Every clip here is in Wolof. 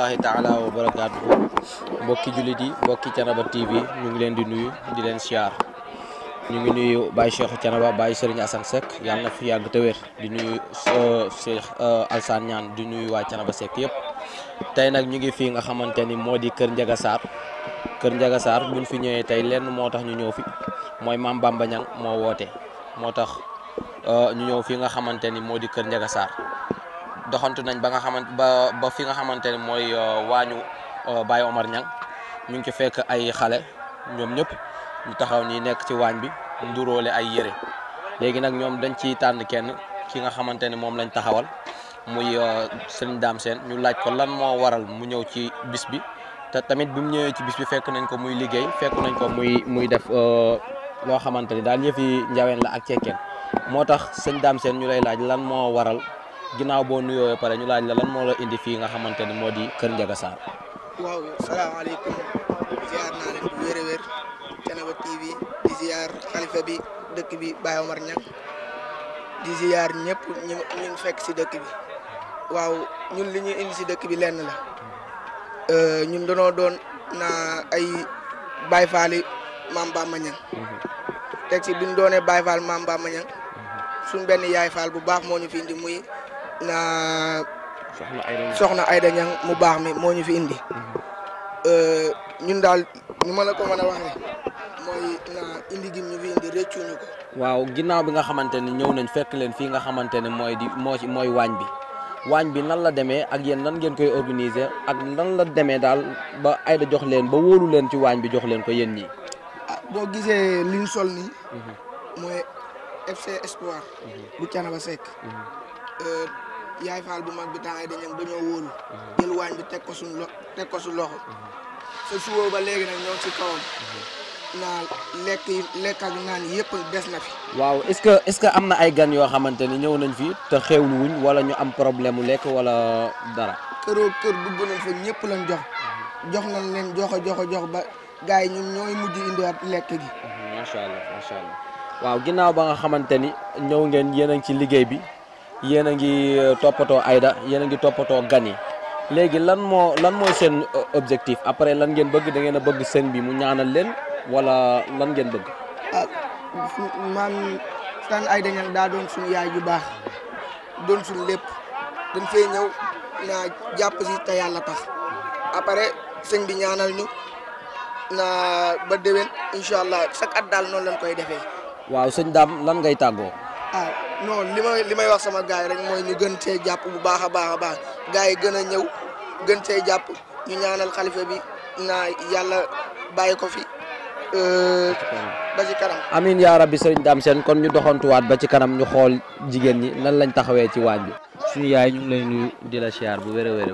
rahmatullahi taala wa barakaatu mbokki jullit yi mbokki canaba tv ñu ngi leen di nuyu di leen siyaar ñu ngi nuyu Baye Cheikh Canaba Baye ñu Assane Seck yàlla na fi yàgg te wér di nuyu euh, Cheikh euh, Alsane Niane di nuyu waa canaba Seck yëpp tey nag ñu ngi fii nga xamante ni moo di kër njaga Sarr kër Ndiaga Sarr buñ fi ñëwee tey lenn moo tax ñu ñëw fi mooy Mame Bamba Niang moo woote moo tax euh, ñu ñëw fii nga xamante ni moo di kër Ndiaga saar doxantu nañ ba nga xamante ba ba fi nga xamante ne mooy euh, waañu euh, Baye Omar Niang ñu ngi ci fekk ay xale ñoom ñëpp ñu taxaw ni nekk ci waañ bi nduróole ay yére léegi nag ñoom dañ ciy tànn kenn ki nga xamante ni moom lañ taxawal muy euh, seen Dame Sène ñu laaj ko lan moo waral mu ñëw ci bis bi te tamit bi mu ñëwee ci bis bi fekk nañ ko muy liggéey fekk nañ ko muy muy def loo xamante ni daal yëf yi njaween la ak cekkeen moo tax sëñ Dame ñu lay laaj lan moo waral ginnaaw boo nuyoo pare ñu laaj la lan moo indi fii nga xamante ne moo di Kër Ndiaga Sarr. waaw salaamaaleykum ziar naa leen bu wér a wér Thiénaba TV di ziar xalifa bi dëkk bi Baye Omar Niang di ziar ñëpp ñu fekk si dëkk bi waaw ñun li ñu indi si dëkk bi lenn la euh, ñu danoo doon naa ay bay Fall yi Mame Bamba Niang mhm. teg si bi ñu doonee Baye Fall Mame Bamba Niang suñ benn Yaay Fall bu baax moo ñu fi indi muy la soxna Ayda Ñang mu baax mi moo ñu fi indi mm-hmm. euh, ñun daal ñu mën a ko mën a waxee mooy na indi gim ñu fi indi réccuñu ko waaw ginnaaw bi nga xamante ne ñëw nañ fekk leen fii nga xamante ne mooy di moo mooy waañ bi waañ bi nan la demee ak yéen nan ngeen koy organiser ak nan la demee daal ba Ayda jox leen ba wóolu leen ci waañ bi jox leen ko yéen ñi ah boo gisee liñ sol nii mm-hmm. mooy FC Espoir mm-hmm. bu Canaba Seck euh, yaay faal bu mag bi temps yi dañu dañoo wóolu. jël waañ bi teg ko suñu lo teg su loxo. sa suba ba léegi nag ñoo ci kawam. naa lekk lekk ak naan yëpp des na fi. waaw est-ce que est-ce que am na ay gan yoo xamante ni ñëw nañ fii te xewlu wuñ wala ñu am problème mu lekk wala dara. këroo kër dugg nañ fa ñëpp lañ jox. jox nañ leen jox jox jox ba gars yi ñun ñooy mujj indiwaat lekk gi. macha allah macha allah waaw ginnaaw ba nga xamante ni ñëw ngeen yéen a ci liggéey bi. Euh, yéen a ngi toppatoo ayda yéen a ngi toppatoo gan yi léegi lan moo lan mooy seen euh, objectif après lan ngeen bëgg dangeen a bëgg seen bi mu ñaanal leen wala lan ngeen bëgg. ah man tan Aida Niang daa doon suñu yaay yu baax doon suñu lépp dañ fee ñëw naa jàpp si te yàlla tax après sëñ bi ñaanal ñu naa ba déwén incha allah chaque at daal noonu lañ koy defee. waaw sëñ daam lan ngay tàggoo. Ah, non li ma li may wax sama gars yi rek mooy ñu gën cee jàpp bu baax a baax a baax gars yi gën a ñëw gën cee jàpp ñu ñaanal xalifa bi naa yàlla bàyyi ko fi. Euh, ba ci kanam. amiin yaa rabbi sëriñ Dame Sène kon ñu doxantuwaat ba ci kanam ñu xool jigéen ñi nan lañ taxawee ci waaj bi. suñu yaay ñu ngi lay nuyu di la siyaar bu wér a wér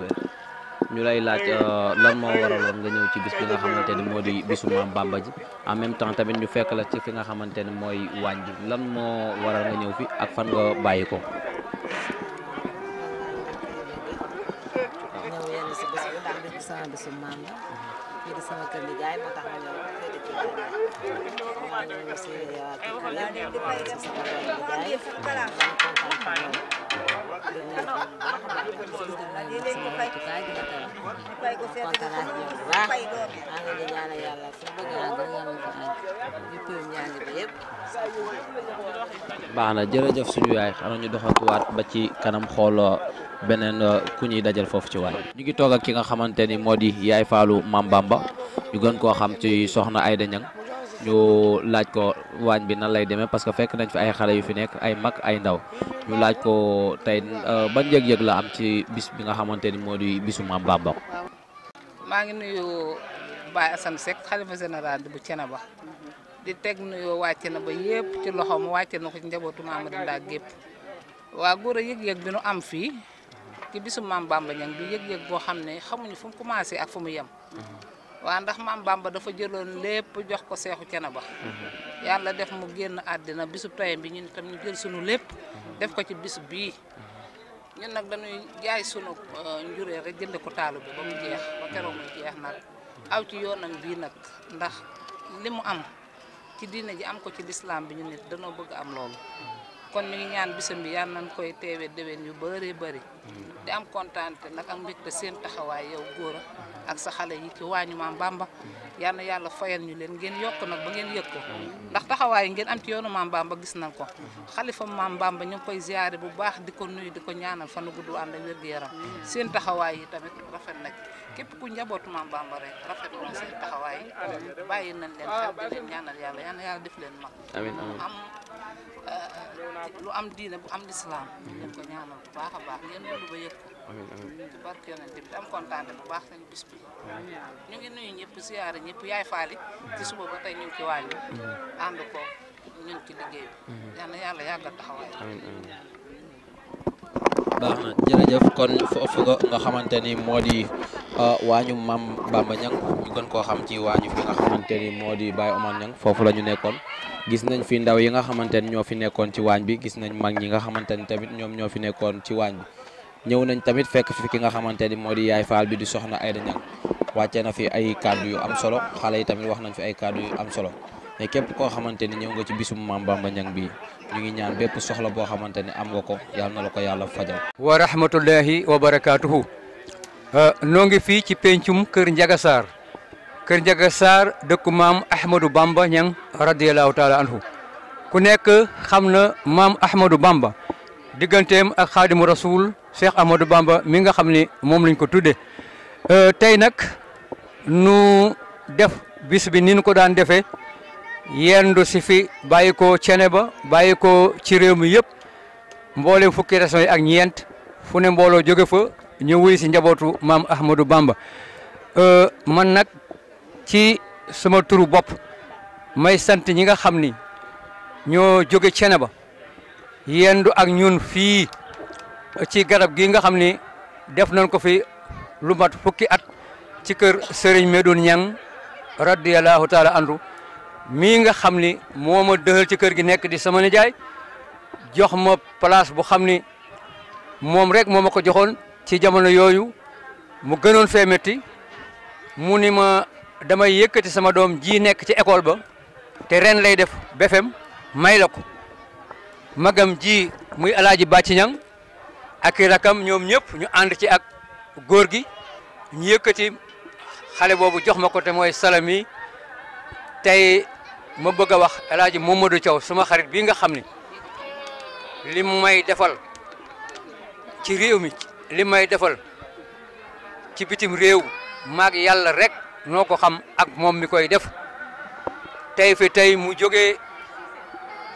ñu lay laaj euh, lan moo waraloon nga ñëw ci bis bi nga xamante ni moo di bisu maam Bamba ji en temps tamit ñu fekk la ci fi nga xamante ni mooy waañ bi lan moo waral nga ñëw fi ak fan nga bàyyi ko. baax na jërëjëf suñu yaay xanaa ñu doxantuwaat ba ci kanam xooloo beneen euh, ku ñuy dajal foofu ci waay ñu ngi toog ak ki nga xamante ni moo di yaay faalu Mam Bamba ñu gën koo xam ci soxna ay Ñang ñu laaj ko waañ bi nan lay demee parce que fekk nañ fi ay xale yu fi nekk ay mag ay ndaw ñu laaj ko tey euh, ban yëg-yëg la am ci bis bi nga xamante ni moo di bisu Mam Bamba maa ngi nuyu Baye Assane Seck xalifa général bu Thiénaba di teg nuyoo wàcc na ba yëpp ci loxoom wàcc na ko ci waa góor yëg-yëg bi nu am fii ci bisu maam Bamba ñang bi yëg-yëg boo xam ne xamuñu fu mu commencé ak fu mu yem. Mhm. waaw ndax maam ba dafa jëloon lépp jox ko seexu ba mhm. yàlla def mu génn àddina bisu tayam bi ñun tam ñu jël sunu lépp mhm. def ko ci bisu bii ñun nag dañuy jaay sunu euh, njuree rek jënd ko taalu bi ba mu jeex ba keroog mu jeex nag aw ci yoonam bii nag ndax li mu am ci diine ji am ko ci lislaam bi ñu nit danoo bëgg am loolu kon ñu ngi ñaan bisam bi yàlla nañ koy teewee déwén yu bëree bëri di am kontaante nag am ak mbégte seen taxawaay yow góor ak sa xale yi ci waañu ma Bamba yal na yàlla fayal ñu leen ngeen yokk nag ba ngeen yëg ndax taxawaay ngeen am ci yoonu maam Bamba gis nañ ko xalifa maam Bamba ñu koy ziyaare bu baax di ko nuyu di ko ñaanal fan gudd ànd ak wér gu yaram seen taxawaay yi tamit rafet nag képp ku njabootu maam rek rafet na seen taxawaay yi na yàlla def leen mag lu am diine bu am lislaam dañ ko baax a baax ngeen wëlu ba yëg ko amiin amiin ci barke bi am kontaan bu baax seen bis bi ñu ngi nuyu ñëpp siyaare ñëpp yaay faali ci suba ba tey ñu ngi ci wàññi mm-hmm. ànd ko ñun ci mm-hmm. yàlla yàggal taxawaay kon xamante ni moo di uh, waañu maam Bamba ñu gën koo xam ci waañu bi nga xamante ni moo di Baye Omar Niang foofu la ñu nekkoon gis nañ fi ndaw yi nga xamante ne ñoo fi nekkoon ci waañ bi gis nañ mag ñi nga xamante ni tamit ñoo fi nekkoon ci waañ bi ñëw nañ tamit fekk fi ki nga xamante ni moo di yaay faal bi di soxna da Niang wàccee na fi ay kàddu yu am solo xale yi tamit wax nañ fi ay kàddu yu am solo mais képp koo xamante ni ñëw nga ci bisum maam ba Niang bi ñu ngi ñaan bépp soxla boo xamante ni am nga ko yal na la ko yàlla fajal wa rahmatullahi wa barakaatuhu euh, noo ngi fii ci pencum kër Ndiaga kër Njaga saar dëkku maam Ahmadou Bamba ñang radiyallahu an anhu ku nekk xam na maam Ahmadou Bamba digganteem ak xaadimu rasul Cheikh Ahmadou Bamba mi nga xam ni moom lañ ko tudde euh, tey nag nu def bis bi ni ko daan defee yendu si fi bàyyi ko cene ba bàyyi ko ci réew mi yëpp mboolem fukki régions yi ak ñeent fu ne mbooloo jóge fa ñu si njabootu maam Ahmadou Bamba euh, man nag ci sama turu bopp may sant ñi nga xam ni ñoo jóge cene ba yendu ak ñun fii ci garab gi nga xam ni def nañ ko fi lu mat fukki at ci kër sëriñ Serigne Medoune Niang radiyallahu taala andu mii nga xam ni moo ma dëxal ci kër gi nekk di sama nijaay jox ma place bu xam ni moom rek moo ma ko joxoon ci jamono yooyu mu gënoon fee métti mu ni ma damay yëkkati sama doom ji nekk ci école ba te ren lay def BFEM may la ko magam ji muy alaaji bàcci ñang ak i rakam ñoom ñëpp ñu ànd ci ak góor gi ñu yëkkati xale boobu jox ma ko te mooy salami tey ma bëgg a wax alaaji Momadou caw suma xarit bii nga xam ni li may defal ci réew mi li may defal ci bitim réew maag yàlla rek noo ko xam ak moom mi koy def tey fi tey mu jógee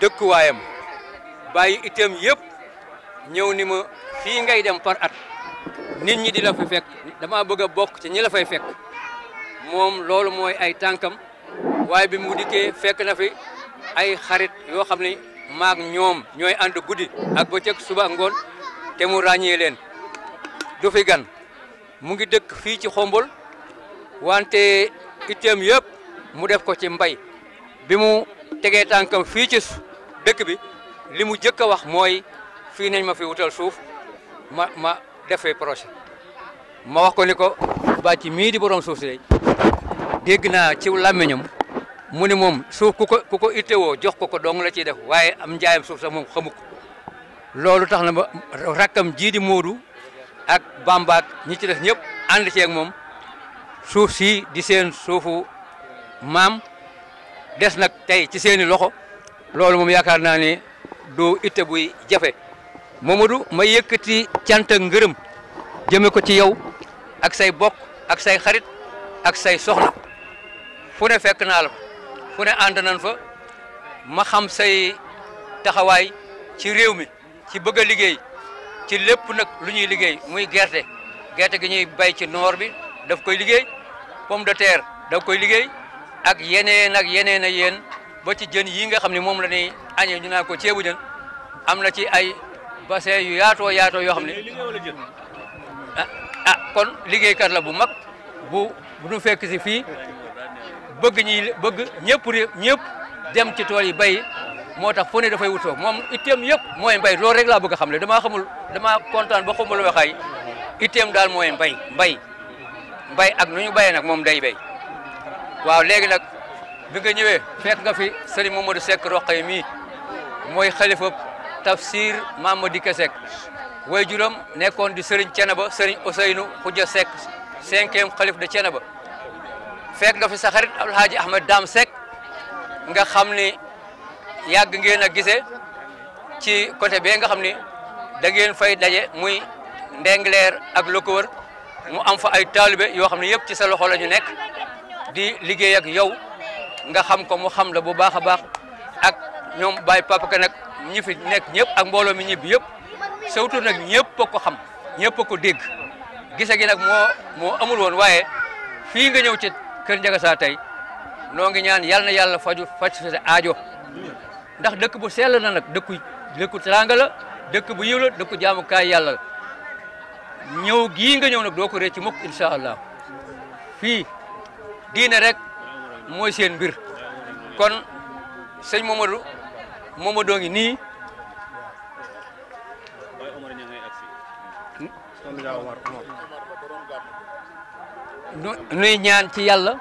dëkkuwaayam bàyyi itam yépp ñëw ni ma fii ngay dem par at nit ñi di la fi fekk dama bëgg a bokk ci ñi la fay fekk moom loolu mooy ay tànkam waaye bi mu dikkee fekk na fi ay xarit yoo xam ne maag ñoom ñooy ànd guddi ak bëccëg suba ngoon te mu ràññee leen du fi gan mu ngi dëkk fii ci xombol wante itteem yëpp mu def ko ci mbay bi mu tegee tànkam fii ci dëkk bi li mu jëkk a wax mooy fii nañ ma fi wutal suuf ma ma defee projet ma wax ko ni ko bàcc mii di borom suuf si day dégg naa ci làmmiñam mu ne moom suuf ku ko ku ko ittewoo jox ko ko dong la ciy def waaye am njaayam suuf sax moom xamu loolu tax na ba rakkam jiidi di Moodu ak Bamba ak ñi ci def ñëpp ànd ceeg moom suuf si di seen suufu maam des nag tey ci seeni loxo loolu moom yaakaar naa ni du itte buy jafe Mamadou ma yëkkati cant ak ngërëm jëme ko ci yow ak say bokk ak say xarit ak say soxna fu ne fekk naa la fa fu ne ànd fa ma xam say taxawaay ci réew mi ci bëgg a liggéey ci lépp nag lu ñuy liggéey muy gerte gerte gi ñuy bay ci noor bi daf koy liggéey pomme de terre da koy liggéey ak yeneen ak yeneen ak yéen ba ci jën yi nga xam ne moom la ñuy añee ñu ko ceebu jën am na ci ay bassin yu yaato yaatoo yoo xam ne ah, ah kon liggéeykat la bu mag bu bu ñu fekk si fii bëgg ñi bëgg ñëpp ñëpp dem ci tool yi bay moo tax fu ne dafay wutoo moom itteem yëpp mooy mbay loolu rek laa bëgg a xam le damaa xamul damaa kontaan ba xamul waxaay itteem daal mooy mbay mbay bay ak nu ñu bayee nag moom day bay waaw léegi nag bi nga ñëwee fekk nga fi Serigne Mamadou Seck Roqe mi mooy xalifa tafsir Mamadi Ka Seck way juróom nekkoon di Serigne Ceneba Serigne Ousseynou Khoudia Seck cinquième xalif de Ceneba fekk nga fi sa xarit Alhaji Ahmed Dame Seck nga xam ni yàgg ngeen a gise ci côté bee nga xam ni da ngeen fay daje muy Ndengleer ak lu ko mu am fa ay taalibe yoo xam ne yëpp ci sa loxo la ñu nekk di liggéey ak yow nga xam ko mu xam la bu baax a baax ak ñoom Baye Papa Ka nag ñi nekk ñëpp ak mbooloo mi ñibbi yëpp surtout nag ñëpp a ko xam ñëpp ko dégg gise gi nag moo moo amul woon waaye fii nga ñëw ci kër Ndiaga Sarr tey noo ngi ñaan yal na yàlla faju faj sa aajo ndax dëkk bu sell na nag dëkku dëkk bu yiw la dëkku jaamukaay yàlla ñëw gii nga ñëw nag doo ko récc mukk incha allah fii diine rek mooy seen mbir kon sëñ Momadou Momadou ngi nii nu ñaan ci yàlla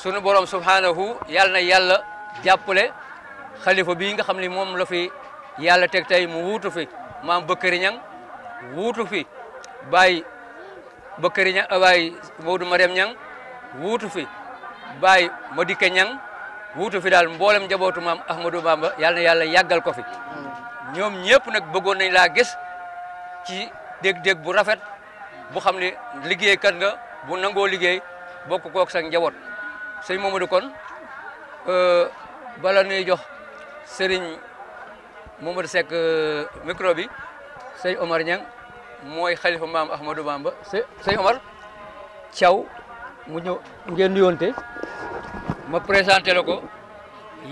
sunu borom subhanahu yàlla na yàlla jàppale xalifa bii nga xam ni moom la fi yàlla teg tey mu wuutu fi maam Bëkkëri Ñang wuutu fi baay Bokkari Ñang eh, baay Maodo Mariam ñaŋ wuutu fi baay Madike Ñang wuutu fi daal mboolem njabootu maam Ahmadou Bamba yàlla na yàlla yàggal ko fi ñoom ñëpp nag bëggoon nañ laa gis ci dég-dég bu rafet bu xam ne liggéeykat nga bu nangoo liggéey bokk kook sa njaboot sëñ Mamadou kon eh, bala nuy jox sëriñ Mamadou Seck eh, micro bi sëñ Omar Niang mooy xalifa maam Ahmadou Bamba sëñ Omar Thiaw mu ñëw ngeen nuyoonte ma présenté la ko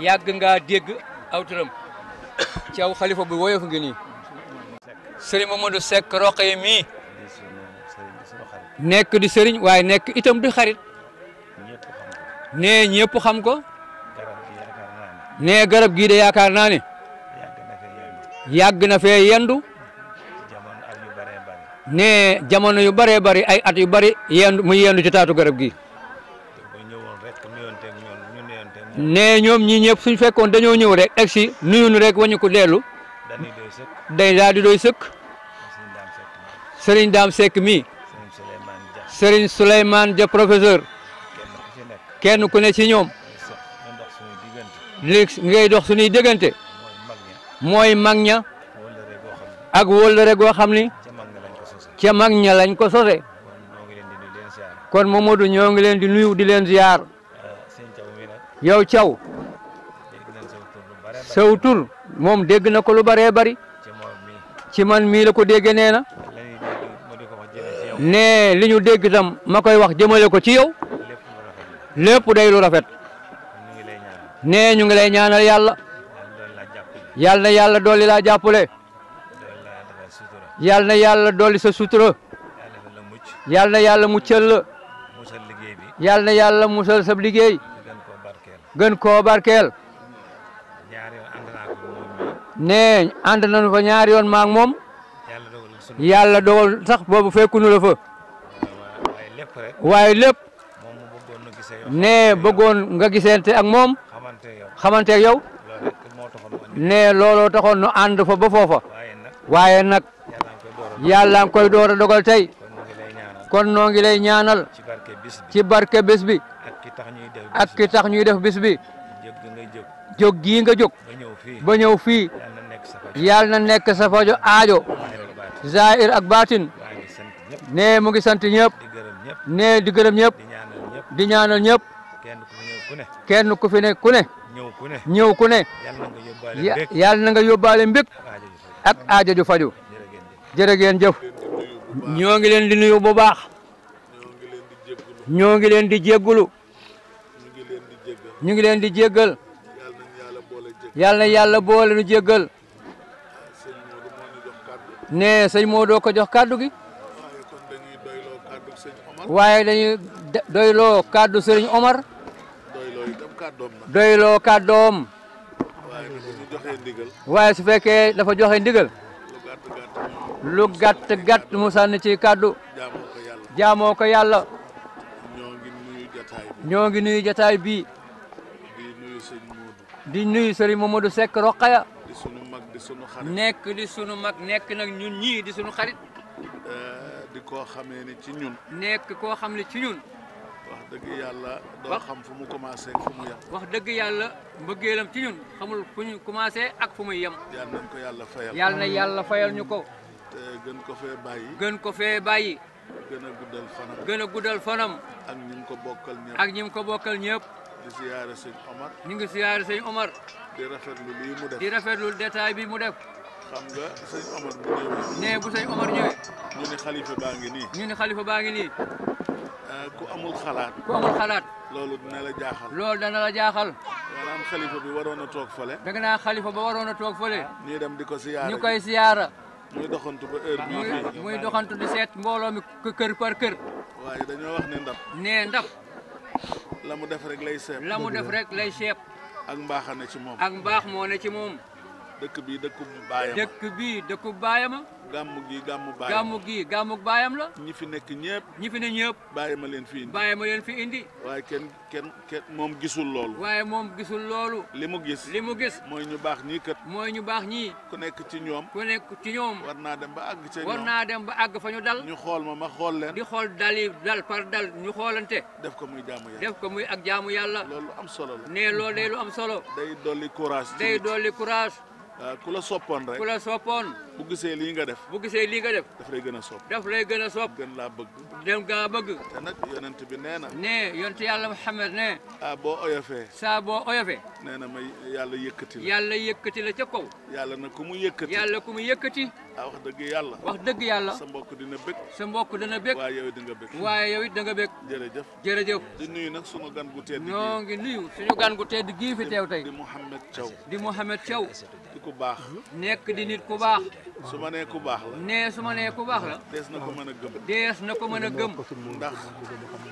yàgg ngaa dégg aw turam Thiaw xalifa bu woyof ngi nii sëriñ Mamadou Seck Roqe mii nekk di sëriñ waaye nekk itam di xarit nee ñëpp xam ko nee garab gii de yaakaar naa ne yàgg na fee yendu ne jamono yu bëree bëri ay at yu bëri yendu mu yendu ci taatu garab gi ne ñoom ñii ñëpp suñ fekkoon dañoo ñëw rek egg si nuyunu rek wañu ko dellu day daal di doy sëkk Sëriñ Daam sek mi Sëriñ Souleymane ja professeur kenn ku ne ci ñoom li ngay dox suñuy déggante mooy mag ña ak wóllëre goo xam ni ca mag ña lañ ko sose kon Momadou ñoo ngi leen di nuyu di leen ziar yow Thiaw saw tur moom dégg na ko lu bëree bëri ci man mii la ko déggee nee na ne li ñu dégg itam ma koy wax jëmale ko ci yow lépp day lu rafet ñu ngi lay ñaanal yàlla yàlla yàlla dolli laa jàppale. yal na yàlla dolli sa sutura yal na yàlla muccal la yal na yàlla musal sa liggéey gën ko barkeel nee ànd nañu fa ñaari yoon maak moom yàlla dogal sax boobu fekkunu la fa waaye lépp nee bëggoon nga gisante ak moom xamante ak yow nee looloo taxoon nu ànd fa ba foofa waaye nag yàlla koy door a dogal tey kon noo ngi lay ñaanal ci barke bis bi ak ki tax ñuy def bis bi jóg gii nga jóg ba ñëw fii yàlla na nekk sa fajo aajo zaahir ak baatin nee mu ngi sant ñëpp nee di gërëm ñëpp di ñaanal ñëpp kenn ku fi ne ku ne ñëw ku ne yàlla na nga yóbbaale mbég ak aajo ju faju jërë ngeen jëf ñoo ngi leen di nuyu bu baax ñoo ngi leen di jéggulu ñu ngi leen di jéggal yàlla na yàlla boole nu jéggal ne sëñ Modou ko jox kàddu gi waaye dañuy doyloo kàddu sëriñ Omar doyloo kàddoom waaye su fekkee dafa joxe ndigal lu gàtt gàtt mu sànni ci kàddu jaamoo ko yàlla ñoo ngi nuyu jataay bi di nuyu sëriñ Mamadou Seck Roqaya nekk di sunu mag nekk nag ñun ñii di sunu xarit di koo xamee ni ci ñun nekk koo xam ne ci ñun wax dëgg yàlla doo xam fu mu commencé ak fu mu yem wax dëgg yàlla mbëggeelam ci ñun xamul fu ñu commencé ak fu muy yem yàlla nañ ko yàlla fayal ñu ko te gën ko fee bàyyi. gën ko fee bàyyi. gën a guddal fanam. gën a guddal fanam. ak ñi ko bokkal ñëpp. ak ñi ko bokkal ñëpp. di siyaare sëñ Omar. ñu ngi siyaare sëñ Omar. di rafetlu lii mu def. di rafetlu détail bi mu def. xam nga sëñ Omar bu ñëwee. nee bu sëñ Omar ñëwee. ñu ni xalifa baa ngi nii. ñu ni xalifa baa ngi nii. Eh, ku amul xalaat. loolu dina la jaaxal. loolu dana jaaxal. maanaam xalifa bi waroon a toog fële. da nga naan xalifa ba waroon a dem di ko siyaara. ñu koy siyaara. muy doxantu ba doxantu di seet mbooloo mi kër par kër. waaye dañoo wax ne ndab. nee ndab. la mu def rek lay seeb. la def rek lay seeb. ak mbaax ci moom. ak mbaax moo ci moom. dëkk bii dëkku baayama dëkk bii dëkku baayama gàmmu gi gàmmu baayam gàmmu gi gàmmu baayam la. ñi fi nekk ñëpp. ñi fi ne ñëpp. bàyyi ma leen fi indi bàyyi ma leen fi indi. waaye kenn kenn moom gisul loolu. waaye moom gisul loolu. li mu gis li mu gis. mooy ñu baax ñii kat. mooy ñu baax ñii. ku nekk ci ñoom. ku nekk ci ñoom. war naa dem ba àgg ca ñoom war naa dem ba àgg fa ñu dal. ñu xool ma ma xool leen. di xool dali dal par dal ñu xoolante. def ko muy jaamu yàlla def ko muy yàlla. am solo la. nee loolu day lu am solo. day dolli courage. day dolli courage. Euh, ku la soppoon rek ku la soppoon bu gisee lii nga def bu gisee lii nga def daf lay gën a sopp daf lay gën a sopp gën laa bëgg dem gaa bëgg te nag yonent bi nee na nee yonent yàlla Muhammad ne ah boo oyofee saa boo oyofee nee na ma yàlla yëkkati la yàlla yëkkati la ca kaw yàlla na ku mu yëkkati yàlla ku mu yëkkati ah wax dëgg yàlla wax dëgg yàlla sa mbokk dina bëgg sa mbokk dina bëgg waaye yow it di nga bëgg waaye yow it da nga bëgg jërëjëf jërëjëf di nuyu nag suñu gan gu tedd ñoo ngi nuyu suñu gan gu tedd gii fi teew tey di Mouhamed Thiaw di Mouhamed Thiaw ku baax. nekk di ku baax. su ma nee ku baax nee su nee ku baax la. dees na ko mën a gëm. dees na ko mën a gëm. ndax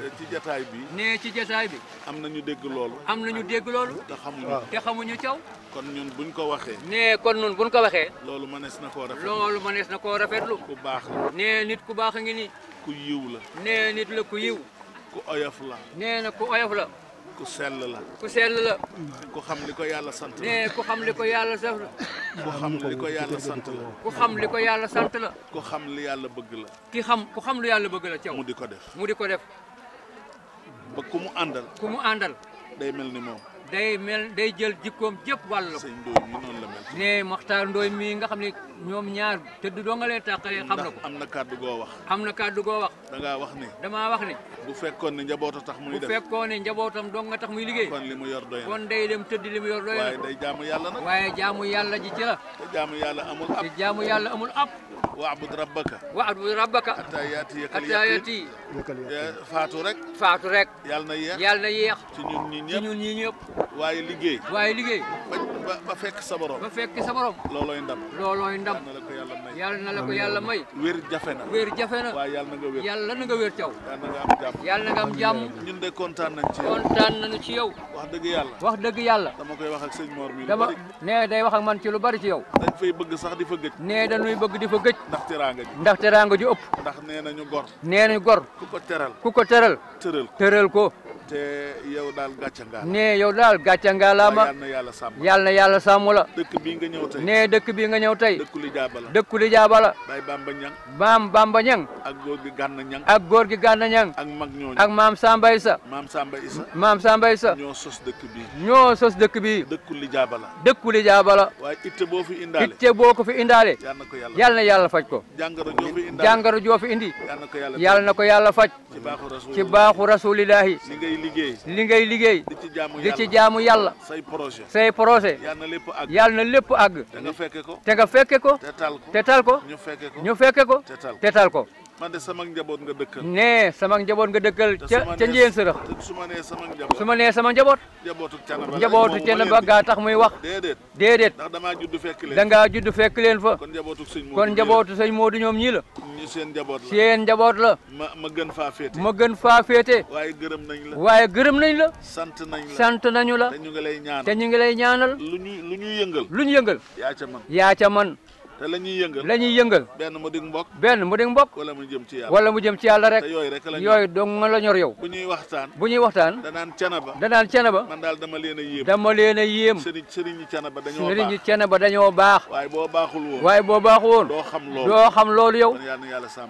eh, ci jataay bi. nee ci jataay bi. am na ñu dégg loolu. am na ñu dégg loolu. te xamuñu te xamuñu caw. kon ñun buñ ko waxee. nee kon ñun buñ ko waxee. loolu mënees na koo rafetlu loolu mënees na koo rafetlu. ku baax la. nee nit ku baax a ngi nii. ku yiw la. nee nit la ku yiw. ku oyof la. nee na ku oyof la. ku sell la. ku sell la. ku xam li ko yàlla sant la. nee ku xam li ko yàlla sant la. ku xam li ko yàlla sant la. ku xam li ko yàlla sant la. ku xam li yàlla bëgg la. ki xam ku xam lu yàlla bëgg la caw. mu di ko def mu di ko def. ba ku mu àndal. ku mu àndal. day mel ni moom. day mel day jël jikkoom jëpp wàll ko ne Maxtaar Ndooy mii nga xam ne ñoom ñaar tëdd doo nga leen tàqalee xam na ko am na kàddu goo wax am na kàddu goo wax da ngaa wax ne damaa wax ni bu fekkoon ne njabootam tax muy def bu fekkoon ne njabootam doo nga tax muy liggéey kon li mu yor doy kon day dem tëdd li mu yor doy waaye day jaamu yàlla waaye jaamu yàlla ji ci la te jaamu yàlla amul ab te jaamu yàlla amul ab wa abud rabbaka wa abud rabbaka atta yaati Eh, faatu rek. faatu rek. yàlla na yéex yàlla na yéex. ci ñun ñii ñëpp ci ñun ñii ñëpp. waaye liggéey. waaye liggéey. ba ba fekk sa ba fekk sa borom. loolooy ndam. loolooy ndam. yàlla na la ko yàlla may. wér jafe na. wér jafe na. waaye yàlla na nga wér. yàlla na nga wér taw. yàlla na nga am jàmm. yàlla na nga am jàmm. ñun de kontaan na ci yow. kontaan ci yow. wax dëgg yàlla. wax dëgg yàlla. dama koy wax ak sëñ moor mi lu bari. nee day wax ak man ci lu bari ci yow. dañ fay bëgg sax di fa gëj. nee bëgg di fa gëj. ndax teraanga ji. ndax teraanga ji ëpp. ndax nee nañu gor. nee nañu gor. ku ko teral ku ko teral tëral ko tëral ko te yow daal gàcce nga ne yow daal gàcce nga la ma yal na yàlla sàmm yal na yàlla sàmm la dëkk bii nga ñëw tey ne dëkk bii nga ñëw tey dëkku li jaaba la bamba ñang maam bamba ñang ak góor gi gànna ñang ak góor gi gànna ñang ak mag ñooñu ak maam samba isa maam samba isa maam samba isa ñoo sos dëkk bii ñoo sos dëkk bii dëkku li jaaba la dëkku li jaaba la waaye itte boo fi indaale itte boo ko fi yal na yàlla faj ko jàngaro joo fi indi yal na ko yàlla faj ci baaxu rasulillahi liggéey. li ngay liggéey. di ci jaamu yàlla say projet say projet. yàlla na lépp ak yàlla na lépp ak te nga ko te nga fekke ko. tal ko ko. ñu fekke ko ñu fekke ko te tal ko. man de sama njaboot nga dëkkal. nee sama njaboot nga dëkkal. ca ca njéen sërëx. su ma nee sama njaboot su ma nee sama njaboot. njabootu canaba njabootu gaa tax muy wax. déedéet déedéet. damaa judd fekk leen. dangaa judd fekk leen fa. kon njabootu sëñ Modou kon njabootu sëñ Modou ñoom ñii la. seen njaboot la seen la. ma ma gën faa féete. ma gën faa féete. waaye gërëm nañ la. waaye gërëm nañ la. sant nañ sant nañu la. te ñu ngi lay ñaanal ñu ngi lay ñaanal. lu ñu lu lu ñu yëngal. yaa man te la ñuy yëngal la ñuy yëngal. benn mu dig mbokk benn mu dig mbokk. wala mu jëm ci yàlla wala mu jëm ci yàlla rek. yooyu rek la yooyu dong nga la ñor yow. bu ñuy waxtaan bu ñuy waxtaan. danaan cana ba danaan cana ba. man daal dama leen a yéem dama leen a yéem. sëriñ sëriñu cana ba dañoo baax sëriñu cana ba dañoo baax. waaye boo baaxul woon waaye boo baaxul woon. doo xam loolu doo xam loolu yow.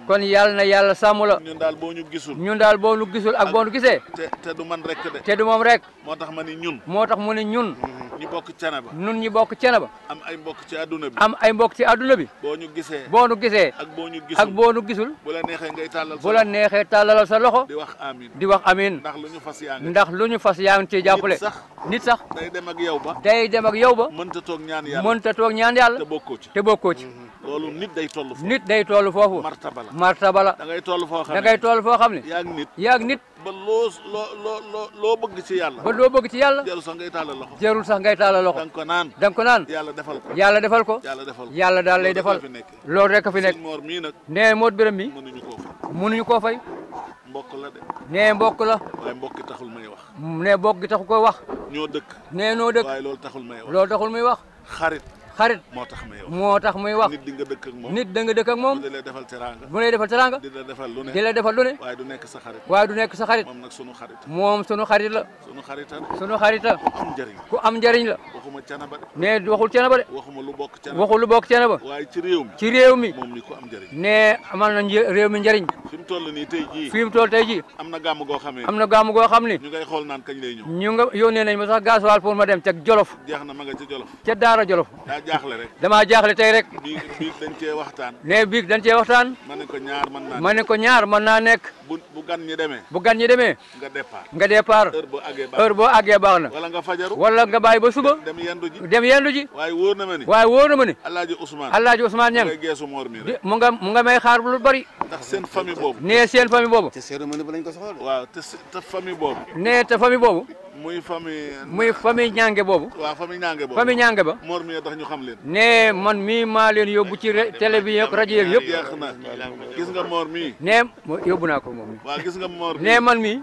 kon yàlla na yàlla sàmm la. ñun daal boo ñu gisul. ñun daal boo ñu gisul ak boo ñu gisee. te te du man rek de. te moom rek. moo tax ma ni ñun. moo tax mu ni ñun. ñu bokk cana ba ñun ñu bokk cana ba. am ay mbokk ci àdduna bi. am àdduna bi. boo ñu gisee boo ñu gisee. ak boo ñu gisul ak boo ñu gisul. bu la neexee ngay tàllal sa loxo neexee tàllalal sa loxo. di wax amiin di wax amiin. ndax lu ñu fas yaa ngi ndax lu ñu fas yaa ngi ciy jàppale. nit sax nit sax. day dem ak yow ba. day dem ak yow ba. mënta toog ñaan yàlla toog ñaan yàlla. te bokkoo ci te bokkoo ci. Mm-hmm. loolu nit day toll foofu nit day toll foofu. martaba la martaba la. da ngay toll foo xam ne da ngay toll foo xam ne. yaa ngi nit yaa ngi nit. ba loo loo loo loo bëgg ci yàlla. ba loo bëgg ci yàlla. jarul sax ngay tàllal loxo. jarul sax ngay tàllal loxo. da nga ko naan da nga ko naan. yàlla defal ko yàlla defal ko. yàlla defal ko yàlla daal lay defal. loolu rek a fi nekk sëñ Mor mii nag. nee Mor Birame mii. mënuñu koo fay mënuñu koo fay. mbokk la de. nee mbokk la. waaye mbokk yi taxul may wax. nee mbokk yi taxul koy wax. ñoo dëkk. nee noo dëkk waaye loolu taxul may wax. loolu taxul may wax. xarit xarit moo tax muy wax moo tax muy wax nit di nga moom nit da nga dëkk ak moom. bu lay defal teraanga bu lay defal teraanga. di lu ne di du nekk sa xarit waaye du nekk moom nag sunu xarit moom sunu xarit la. sunu xarita sunu xarita ku am njariñ ku am njëriñ la. waxuma cana ba mais waxul cana ba de. waxuma lu bokk cana waxul lu bokk cana ba. waaye ci réew mi ci réew mi. moom ni ku am njëriñ. ne amal na réew mi njëriñ. fi mu toll nii jii fi mu toll tey jii. am na gàmm goo xam ne. am na gàmm goo xam ne. ñu ngay xool naan kañ lay ñëw. ñu nga yónnee nañ ma sax gasoil pour ma dem ca Jolof. jeex na ma nga ca Jolof. ca Daara Jolof. jaaxle jaaxle tey rek. nee bii dañ waxtaan. ma ne ko ñaar mën naa. ma ne ko ñaar mën naa nekk. bu bu gan ñi demee. bu gan ñi demee. nga départ. heure boo àggee baax na heure nga fajaru. ba suba. dem yendu ji dem yendu ji. waaye wóor na ma waaye wóor na ma ni. Alaaji Ousmane. mu nga may xaar lu bari. ndax seen famille boobu. nee seen famille ba lañ ko soxla. waaw te boobu. nee te famille boobu. muy famille. muy euh, famille ñànge boobu. waaw famille ñànge ba. Mor mi tax ñu xam leen. ne man mii maa leen yóbbu ci télé rajo yeeg yëpp. jeex na nga Mor mii. ne yóbbu naa ko moom. waaw gis nga Mor mii ne man mii.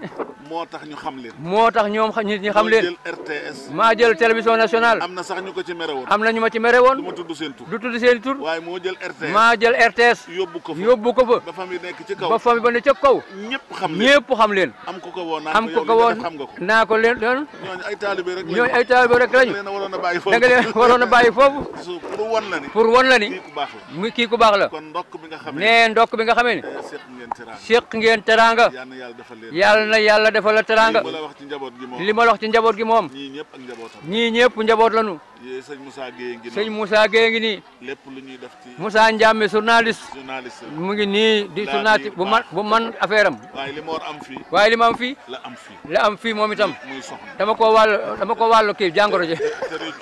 moo tax ñu xam leen. moo tax ñoom nit ñi xam leen. maa jël RTS. maa jël télévision nationale. am na sax ko ci mere woon. am na ñu ma ci mere woon. du ma tudd seen tur du tudd waaye moo jël RTS. maa jël RTS. yóbbu ko fa ko ba famille nekk ci kaw ba famille ba nekk ca kaw. ñëpp xam leen am ku ko woo naa ko yow li loolu. ñooñu ay taalibe ay taalibe rek lañu. da leen waroon a foofu da nga leen waroon a bàyyi foofu. pour baax la. muy kii bi nga xamee ne ndokk bi nga xamee ne. Eh, ngeen teraanga. yàlla na yàlla defal la teraanga. li ma la wax ci njaboot gi moom. ñii ñëpp njaboot lañu yee sëñ Moussa Gueye ngi nii sëñ Moussa Gueye ngi lépp lu ñuy def ci. Moussa Ndiame journaliste. journaliste mu ngi nii di journaliste bu man bu man affaire am. waaye li ma war am fii. la am fi am fii moom itam. muy soxna dama ko wàll dama ko wàllu kii jàngoro ji.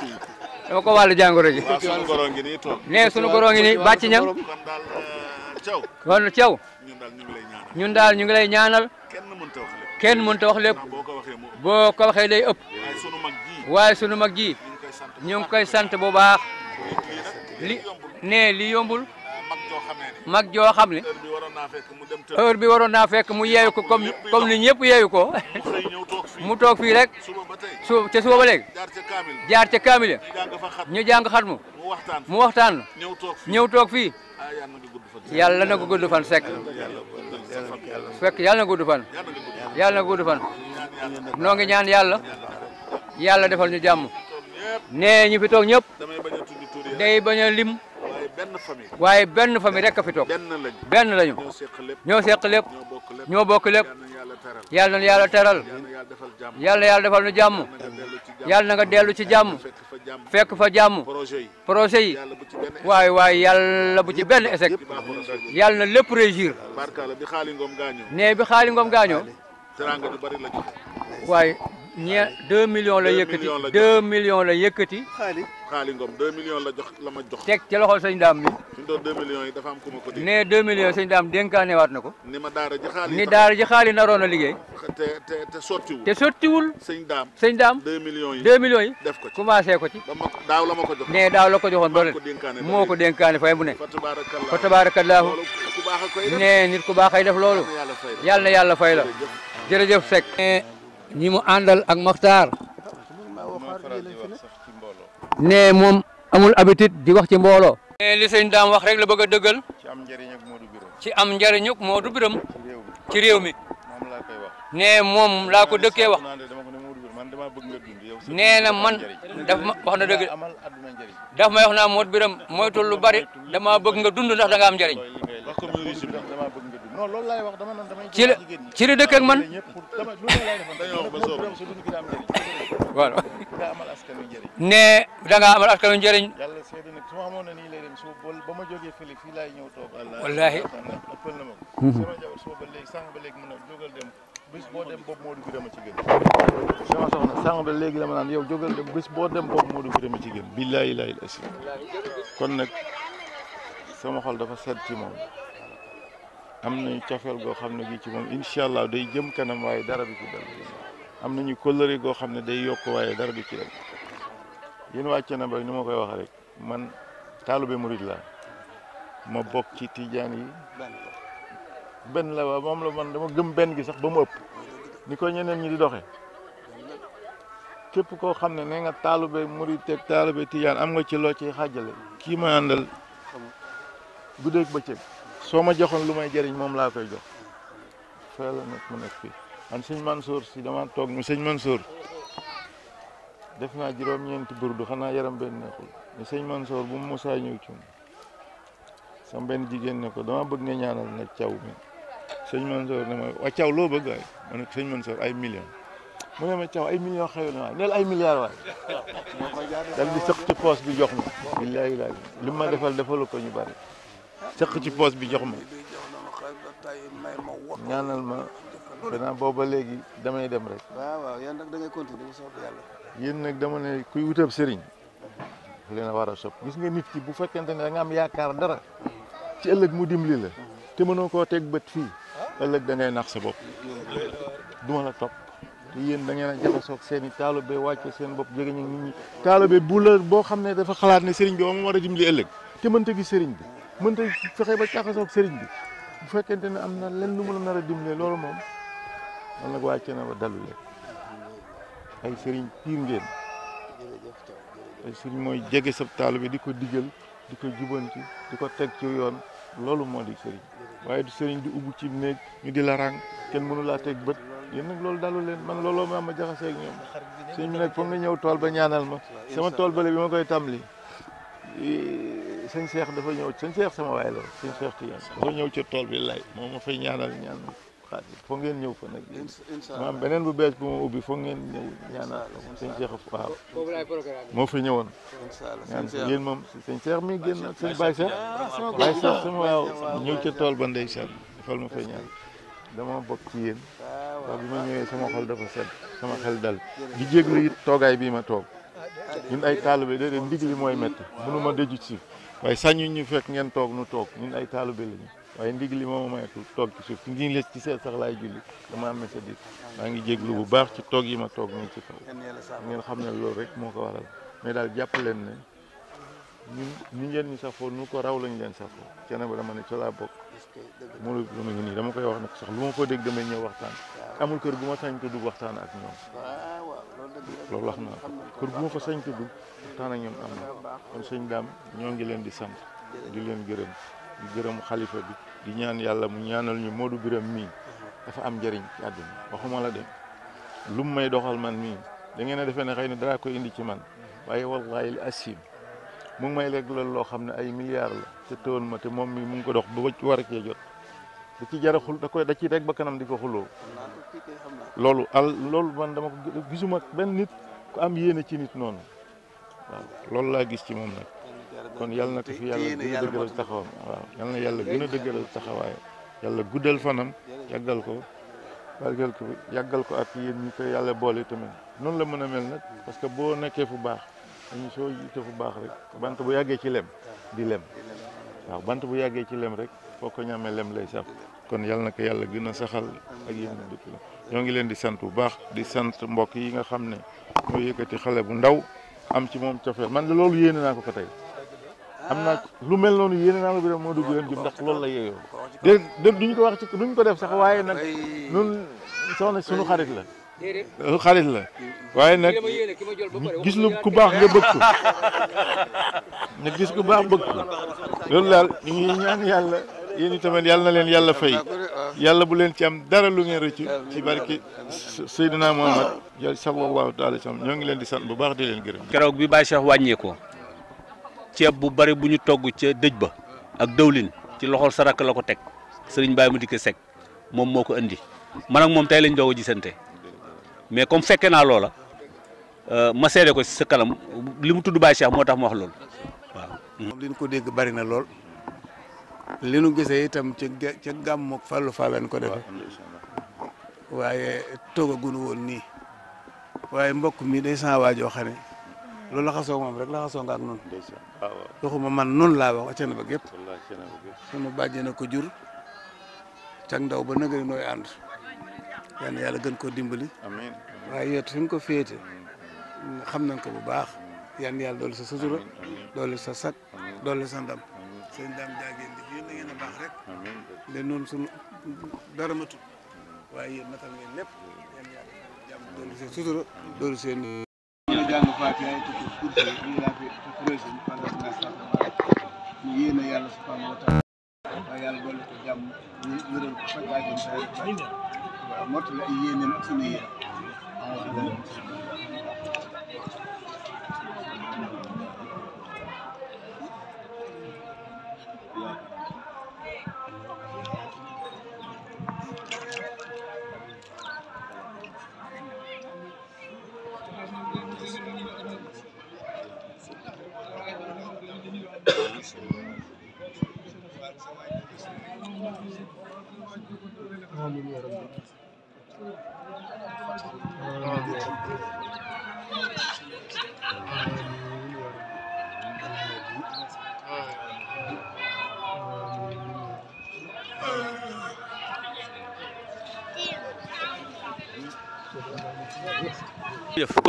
dama ko wàllu jàngoro ji. waaw sunu goroo ngi nii toog. nee sunu goroo ngi nii bàcc ñam. kon daal euh, Thiaw. kon Thiaw. ñun daal ñu ngi lay ñaanal. ñun daal ñu ngi kenn mënut a wax lépp. kenn mënut a wax boo ko waxee day ëpp. waaye sunu mag ji. ñu ngi koy sant bu baax li ne li yombul mag joo xam ne heure bi waroon naa fekk mu yeeyu ko comme comme ni ñëpp yeeyu ko mu toog fii rek su ca suba ba jaar ca kaamil ñu jàng xat mu waxtaan ñëw toog fii yàlla na ko gudd fan sekk fekk yàlla na gudd fan yàlla na gudd fan noo ñaan yàlla yàlla defal ñu jàmm nee ñu fi toog ñëpp day bañ a lim waaye benn famille rek a fi toog benn lañu ñoo seq lépp ñoo bokk lépp yàlla na yàlla teral yàlla na yàlla defal nu jàmm yàlla na nga dellu ci jàmm fek fa jàmm projet yi waaye waaye yàlla bu ci benn échec yàlla na lépp réussir ne bi xaali ngoom gaañoo waaye. ñee deux millions la yëkkati deux millions la yëkkati. xaali xaali ngom deux millions la jox la ma jox. teg ci loxol sëñ daam mi. fi mu doon deux millions yi dafa am waat na ko. ni ma daara ji xaali ni daara ji xaali naroon a liggéey. te te te sottiwul. te sottiwul. sëñ daam sëñ daam. deux millions yi deux ko ci commencé ko ci. daaw la ma ko jox ne daaw la ko joxoon fay bu ne. fa tabaarakallaahu ne nit ku baax ay def loolu. yàlla na yàlla fay la jërëjëf Seck. ñi mu àndal ak Maxtaar ne moom amul habitude di wax ci mbooloo. ne li sëñ daam wax rek la bëgg a dëggal. ci am njëriñ ak Biram. ci am njëriñ ak Modou ci réew mi. ne moom laa ko dëkkee wax. nee na man daf ma wax na dëgg daf may wax naa Modou Biram moytul lu bari dama bëgg nga dund ndax danga am njëriñ. non loolu laay wax dama nan damay ci la ci la dëkk ak man voilà ne da nga amal askan wi njëriñ wallaahi mhm. bis boo dem bopp Modou Birama ci gën sama soxna sànq ba léegi dama naan yow jógal dem bis boo dem bopp Modou Birama ci gën billaahi laahil asi kon nag sama xol dafa sedd ci moom am na nañu cofeel goo xam ne gi ci moom incha allah day jëm kanam waaye dara du ci dellu am goo xam ne day yokk waaye dara du ci dem yéen waa Thiénaba ni ma koy wax man taalibe murid laa ma bokk ci tijaan yi la waa la man dama gëm benn gi sax ba mu ëpp ni ñeneen ñi di doxee képp koo xam ne nee nga taalibe murid teg taalibe tijaan am nga ci loo ci xaajale kii ma àndal ba bëccëg soo ma joxoon lu may jariñ moom laa koy jox fee man sëñ si dama toog ni sëñ Mansour def naa juróom-ñeenti burdu xanaa yaram benn sëñ Mansour bu mu mosaa ñëw ci sama benn jigéen ne ko dama bëgg nga ñaanal nag caw mi sëñ Mansour ne ma loo bëgg waay ma ne sëñ Mansour ay million mu ne ma caw ay million xew na waay neel ay milliards waay dal di sëq ci poos bi jox ma billaahi li ma defal defalu ko ñu bari sëq ci poos bi jox ma ñaanal ma gannaaw booba léegi damay dem rek. waaw waaw yéen nag da ngay continuer sopp yàlla. yéen nag dama ne kuy wutab sëriñ leen a war a sopp gis nga nit ki bu fekkente ne danga am yaakaar dara ci ëllëg mu dimbali la te mënoo koo teg bët fii ëllëg da ngay nax sa bopp duma la topp te yéen da ngeen a jaxasoog seen i taalibe wàcce seen bopp jege ñu nit ñi taalibe bu la boo xam ne dafa xalaat ne sëriñ bi moom war a dimbali ëllëg te mënta gis sëriñ bi mënta fexe ba caaxasoog sëriñ bi bu fekkente ne am na lenn lu mu la nar a loolu moom man nag wàcce na ba dalu ay sëriñ piir ngeen ay sëriñ mooy jege sab taalu bi di ko digal di ko ci di ko teg ci yoon loolu moo di sëriñ waaye du sëriñ di ubbu ci néeg ñu di la kenn mënu laa teg bët yéen nag loolu dalu leen man looloo ma am ma jaxasee ak ñoom sëriñ bi nag foog nga ñëw tool ba ñaanal ma sama tool bale bi ma koy tàmbali sëñ Cheikh dafa ñëw sëñ Cheikh sama waay dafa ñëw ci tool bi lay moom ma fay ñaanal ñaan xaalis foo ngeen ñëw fa nag maam beneen bu bees bu ma ubbi foo ngeen ñëw ñaanal sëñ Cheikh waaw moo fa ñëwoon ñaan yéen moom sëñ Cheikh mi génn ak sëñ Baye Cheikh Baye sama waaw ñëw ca tool ba ndeysaan defal ma fa ñaan dama bokk ci yéen waaw bi ma ñëwee sama xol dafa sedd sama xel dal di jéglu it toogaay bii ma toog ñun ay taalibe déedéet ndigli mooy métti mënu ma déju ci waaye sañu ñu fekk ngeen toog nu toog ñun ay taalibe lañu waaye ndig li moom mayatu toog ci suuf ngi les ci seet sax laay julli dama amee sa dit maa ngi jéglu bu baax ci toog yi ma toog nii ci kaw ngeen xam ne loolu rek moo ko waral mais daal jàpp leen ne ñun ni ngeen ñu safoo nu ko raw lañ leen safoo cene ba dama ne ca laa bokk mu lu mu ngi nii dama koy wax nag sax lu ma ko dégg damay ñëw waxtaan amul kër gu ma sañ tudd waxtaan ak ñoom loolu wax naa ko kër gu ma fa sañ tudd waxtaan ak ñoom am na kon sëñ daam ñoo ngi leen di sant di leen gërëm di gërëm xalifa bi di ñaan yàlla mu ñaanal ñu Modou Birame mii dafa am njëriñ ci àdduna waxuma la dem lu mu may doxal man mii da ngeen a defee ne xëy na dara ko indi ci man waaye wallahi li asim mu ngi may lekk loolu loo xam ne ay milliards la te teewoon ma te moom mii mu ngi ko dox ba wëcc war cee jot da ci jara xul da koy da ci rek ba kanam di ko xuloo loolu al loolu man dama ko gisuma benn nit ku am yéene ci nit noonu waaw loolu laa gis ci moom nag kon yal na ko fi yàlla gën a waaw yal na yàlla gën a dëgëral taxawaayam yàlla guddal fanam yàggal ko barkeel ko yàggal ko ak yéen ñi ko yàlla boole tamit noonu la mën a mel nag parce que boo nekkee fu baax dañu soo jiite fu baax rek bant bu yàggee ci lem di lem waaw bant bu yàggee ci lem rek foo ko ñamee lem lay sax kon yal na ko yàlla gën a saxal ak yéen dëkk la ñoo ngi leen di sant bu baax di sant mbokk yi nga xam ne ñoo yëkkati xale bu ndaw am ci moom cofeel man de loolu yéene naa ko ko tey am naa lu mel noonu yéene naa ko bi rek moo dugg yoon jub ndax loolu la yeeyoo dé dé duñ ko wax ci duñ ko def sax waaye nag nun soxna sunu xarit la lu xarit la waaye nag gis lu ku baax nga bëgg ko nga gis ku baax bëgg ko loolu daal ñu ngi ñaan yàlla yéen itamit yàlla na leen yàlla fay yàlla bu leen ci am dara lu ngeen rëcc ci barke Seydina Muhammad yàlla sallallahu taala sallam ñoo ngi leen di sant bu baax di leen gërëm. keroog bi Baye Cheikh wàññeekoo ceeb bu bari bu ñu togg ca dëj ba ak dëwlin ci loxol sarak la ko teg sëriñ baay mu dikke Seck moom moo ko indi man moom tey lañ doog a gisante mais comme fekke naa loola euh, ma seede ko si sa kanam li mu tudd baay Cheikh moo tax ma wax loolu waaw. na lool. li nu gisee itam ci ca gàmmook Fallou Fall ko defee waaye toogagunu woon nii waaye mbokk mi day sans waajoo xam ne loolu la xasoo moom rek la xasoo nga man noonu laa wax acana ba gépp sunu bàjje na ko jur ndaw ba nagari nooy ànd yaan yàlla gën koo dimbali waaye yot fi nga ko féete xam nañ ko bu baax yaan yàlla doolu sa sutura doolu sa sag doolu sa ndam seen ndam jaageen baax rek. amiin de sunu dara matul waaye yéen matal ngeen lépp doolu seen sutura doolu seen. wa taala waaye yàlla boole ko jàmm ñu wéral ko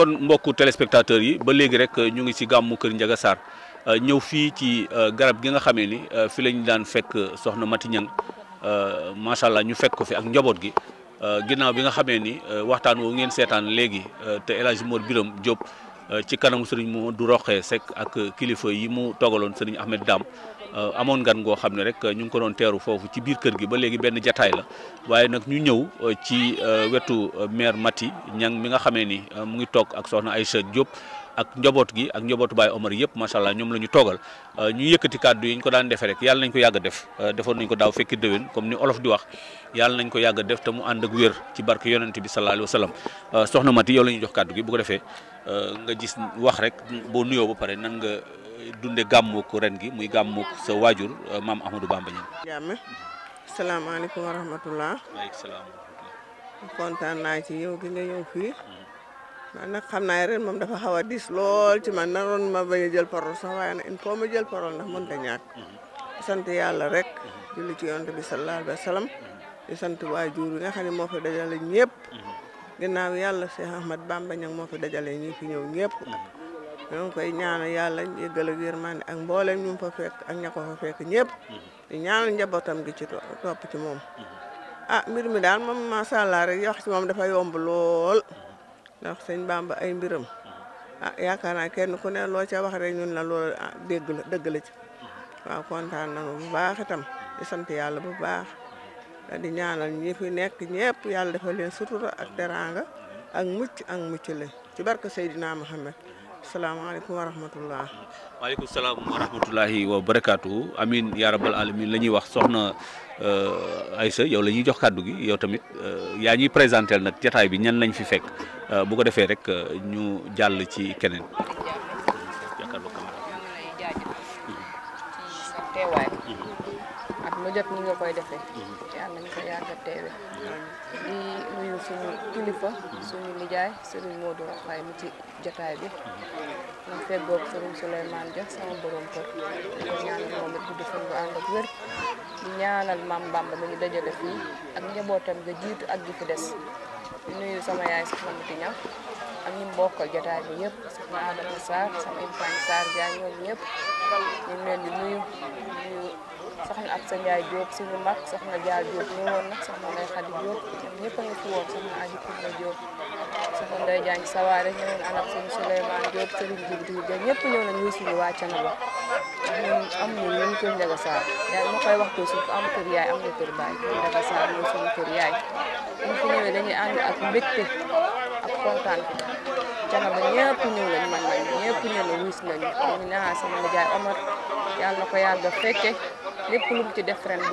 kon mbokku téléspectateurs yi ba léegi rek ñu ngi ci gàmmu kër Ndiaga Sarr euh, ñëw fii ci euh, garab gi nga xamee ni euh, fi lañu daan fekk soxna Mati Ñang macha allah ñu fekk ko fi ak njaboot gi ginnaaw bi nga xamee ni waxtaan woo ngeen seetaan léegi te El Hadj Mor Biram Diop ci kanamu sëriñ Modou Rokhaya Seck ak kilifa yi mu toogaloon sëriñ Ahmed Dame Euh, amoon ngan ngoo xam ne rek euh, ñu ngi ko doon teeru foofu ci biir kër gi ba léegi benn jataay la waaye nag ñu ñëw euh, ci wetu maire Mati Ñang mi nga xamee ni mu ngi toog ak soxna ay Aïcha Diop ak njaboot gi ak njabootu Baye Omar yëpp macha allah ñoom la ñu toogal ñu yëkkati kàddu yi ñu ko daan defee rek yàlla nañ ko yàgg def defoon nañ ko daaw fekki déwén comme ni olof di wax yàlla nañ ko yàgg def te mu ànd ak wér ci barke yonent bi sallallahu alayhi wa sallam soxna Mati yow la ñuy jox kàddu gi bu ko defee nga gis wax rek boo nuyoo ba pare nan nga dunde gàmmuk ren gi muy gàmmuk sa waajur euh, maam Ahmadou Bamba ñi jàmm salaamaaleykum wa rahmatullah waaleykum salaam kontaan naa ci yow gi nga ñëw fii mm-hmm. man nag xam naa ren moom dafa xaw a diis lool ci man naroon ma bañ jël parole sax waaye nag il faut ma jël parole ndax mënut a ñàkk mm-hmm. sant yàlla rek mm-hmm. julli ci yonent bi sallallahu alayhi wa sallam sant waajur yi nga xam ne moo fi dajale ñëpp ginnaaw yàlla Cheikh Ahmad Bamba ñang moo fi dajale ñi fi ñëw ñëpp ñoo ngi koy ñaanal yàlla yëggal ak yërmande ak mboolem ñu fa fekk ak ña ko fa fekk ñëpp. Mm-hmm. di ñaanal njabootam gi ci topp ci moom. Mm-hmm. ah mbir mi daal moom macha allah rek wax ci moom dafa yomb lool mm-hmm. ndax sëñ Bamba ay mbiram ah yaakaar naa kenn ku ne loo ca wax rek ñun la lool ah, dégg la dëgg ci. waaw kontaan nañu bu baax tam di sant yàlla bu baax di ñaanal ñi fi nekk ñëpp yàlla defa leen sutura ak teraanga ak mucc ak mucc la ci barke Seydina Mohamed. salaamaaleykum wa rahmatullah. waaleykum salaam wa rahmatullahi wa barakaatu amin yaa alamin la ñuy wax soxna euh, Aïssa yow la ñuy jox kàddu gi yow tamit euh, yaa ñuy présenté nag jataay bi ñan lañ fi fekk euh, bu ko defee rek ñu jàll ci keneen. nuyu suñu kilifa suñu nijaay Serigne Modou Rokhaya mi ci jataay bi ma feggoog Serigne Souleymane Dia sama borom kër di ko ñaanal moom it gudd fan bu ànd ak dajale fii ak njabootam ga jiitu ak gi fi des di nuyu sama yaay soxna Mati Ñaŋ ak ñi mbokkal bi yëpp soxna Adama Sarr sama impaañ Sarr Dia ñoom ñëpp ñu ngi leen di nuyu soxna Absa Ndiaye Diop suñu mag soxna Dia Diop ñëwoon nag soxna Ndeye Khady Diop ñoom ñëpp a ngi fi woon soxna Adji Koumba Diop soxna Ndeye Diagne Sawaare ñëwoon ànd ak suñu Souleymane Diop Serigne di Diop ñëpp ñu suñu waa Canaba ñun am ñu ñu kër Ndiaga Sarr yaay ma koy wax toujours ku am kër yaay am na kër baay kër Ndiaga ñu fi ñëwee dañuy ak mbégte ak kontaan Canaba ñëpp ñëw lañ man ku a fekke lépp ci def ren bu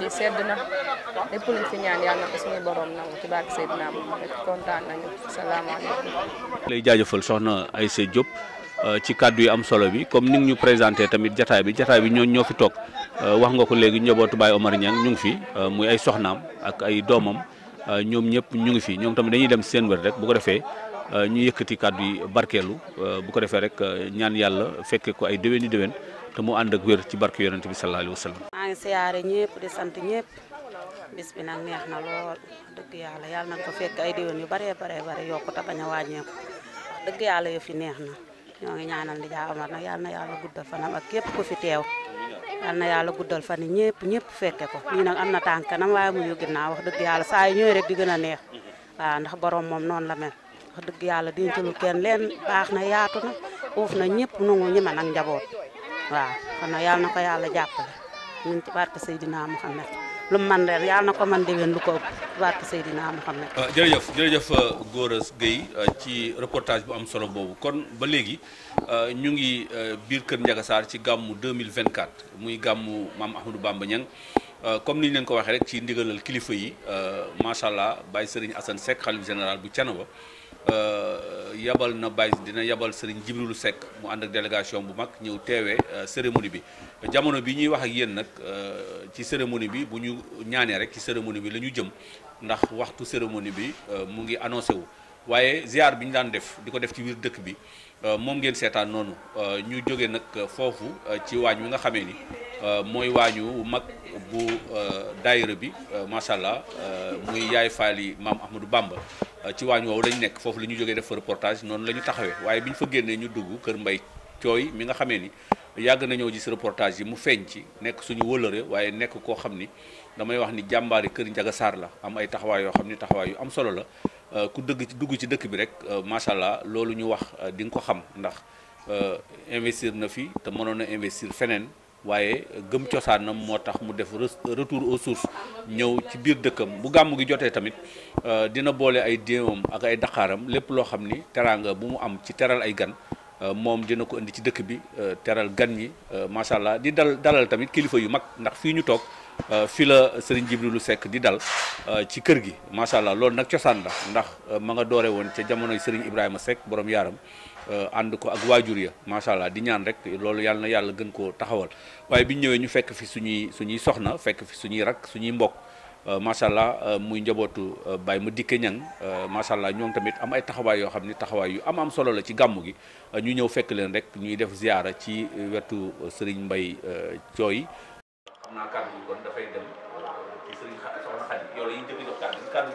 yi sedd na lépp lu fi ñaan yàlla na ko suñu borom nangu ci barke Seydina Muhammad kontaan nañu salaamaaleykum. lay jaajëfal soxna Aïssé Diop euh, ci kàddu yi am solo bi comme ni nga ñu présenté tamit jataay bi jataay bi ñoo ñoo fi toog euh, wax nga ko léegi njabootu Baye Omar Niang ñu ngi fi euh, muy ay soxnaam ak ay doomam. Euh, ñoom ñëpp ñu ngi fi ñoom tamit dañuy dem seen wër rek bu ko defee euh, ñu yëkkati kàddu yi barkeelu euh, bu ko defee rek ñaan yàlla fekke ko ay déwéni déwén te mu ànd ak wér ci barke yonent bi sallallahu alayhi wa sallam. maa ngi siyaare ñëpp di sant ñëpp bis bi nag neex na lool dëgg yàlla yàlla nañ ko yu baree baree a wàññeeku yàlla yëf yi neex na ñoo ngi ñaanal di jaawamar nag yàlla guddal fanam ak képp ku fi teew. yal na yàlla guddal fan yi ñëpp ñëpp fekke ko ñii nag am na tànk kanam waaye muyu ginnaaw wax dëgg yàlla saa yu di gën a neex waaw ndax borom moom noonu la mel wax dëgg yàlla dencalul kenn leen baax na yaatu na uuf na ñëpp nangu ñi man ak njaboot waaw kon nag yàlla na ko yàlla jàppale ñun ci barke Seydina lu mu man ren yàlla na ko man déwén lu ko barke xam Muhammad jërëjëf jërëjëf euh, Gora Gueye euh, ci reportage bu am solo boobu kon ba léegi euh, ñu ngi biir kër Ndiaga Sarr ci gàmmu 2024 muy gàmmu maam Ahmadou Bamba Niang comme ni leen ko waxee rek ci ndigalal kilifa yi macha allah bàyyi sëriñ Assane Seck xalif général bu Thiénaba Euh, yabal na Baye dina yabal sëriñ Jibrilu Seck mu ànd ak délégation bu mag ñëw teewee euh, cérémonie bi jamono bi ñuy wax ak yéen nag euh, ci cérémonie bi bu ñu ñaanee rek ci cérémonie bi la ñu jëm ndax waxtu cérémonie bi mu ngi annoncé wu waaye ziar bi ñu daan def di ko def ci biir dëkk bi moom ngeen seetaan noonu ñu jóge nag foofu ci waañ wi nga xamee ni Euh, mooy waañu mag bu euh, daayira bi euh, macha allah muy yaay faali maam Ahmadou Bamba ci waañ woow lañ nekk foofu la ñu jógee def fa reportage noonu la taxawee waaye bi ñu fa génnee ñu dugg kër mbay cooy mi nga xamee ni yàgg nañoo gis reportage yi mu feeñ ci nekk suñu wëlëre waaye nekk koo xam ni damay wax ni jàmbaari kër Njaga Saar la am ay taxawaay yoo xam ni taxawaay yu am solo la ku dëgg ci dugg ci dëkk bi rek macha allah loolu ñu wax di nga ko xam ndax investir na fi te mënoon na investir feneen waaye gëm cosaanam moo tax mu def retour au sources ñëw ci biir dëkkam bu gàmm gi jotee tamit euh, dina boole ay déewam ak ay daqaaram lépp loo xam ni teraanga bu mu am ci teral ay gan euh, moom dina ko indi ci dëkk bi euh, teral gan ñi macha allah di dal dalal tamit kilifa yu mag ndax fii ñu toog fii la Serigne Djibrilu sekk di dal ci kër gi macha allah loolu nag cosaan la ndax ma nga doore woon ca jamonoy Serigne Ibrahima Seck borom yaaram. Euh, ànd ko ak waajur ya macha allah di ñaan rek loolu yàlla na yàlla gën koo taxawal waaye bi ñu ñëwee ñu fekk fi suñuy suñuy soxna fekk fi suñuy rak suñuy mbokk euh, macha allah euh, muy njabootu Baye ma dikke ñang macha allah ñoom tamit am ay taxawaay yoo xam ni taxawaay yu am am solo la ci gàmmu gi ñu ñëw fekk leen rek ñuy def ziyaara ci wetu sëriñ mbay Thioye. xam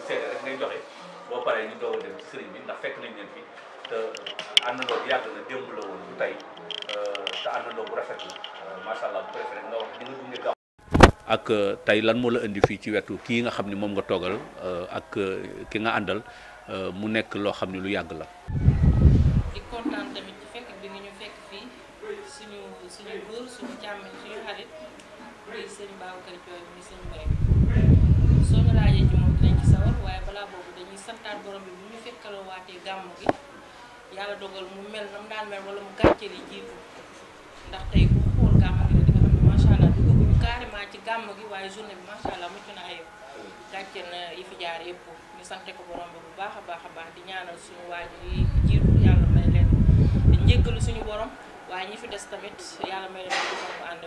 àndandoo bi yàgg na démb la tey euh, euh, ak euh, tey lan moo la indi fii ci wetu kii nga xam ni moom nga toogal ak ki nga àndal mu nekk loo xam ni lu yàgg la. yàlla dogal mu mel na mu daan mel wala mu gàcceel yi ndax tey ku xool gàmm gi di ci gàmm gi waaye journée bi macha yi fi jaar yëpp ñu sante ko bu baax a baax a baax di ñaanal suñu waajur yi jiitu yàlla may ñi fi des tamit yàlla may leen di xam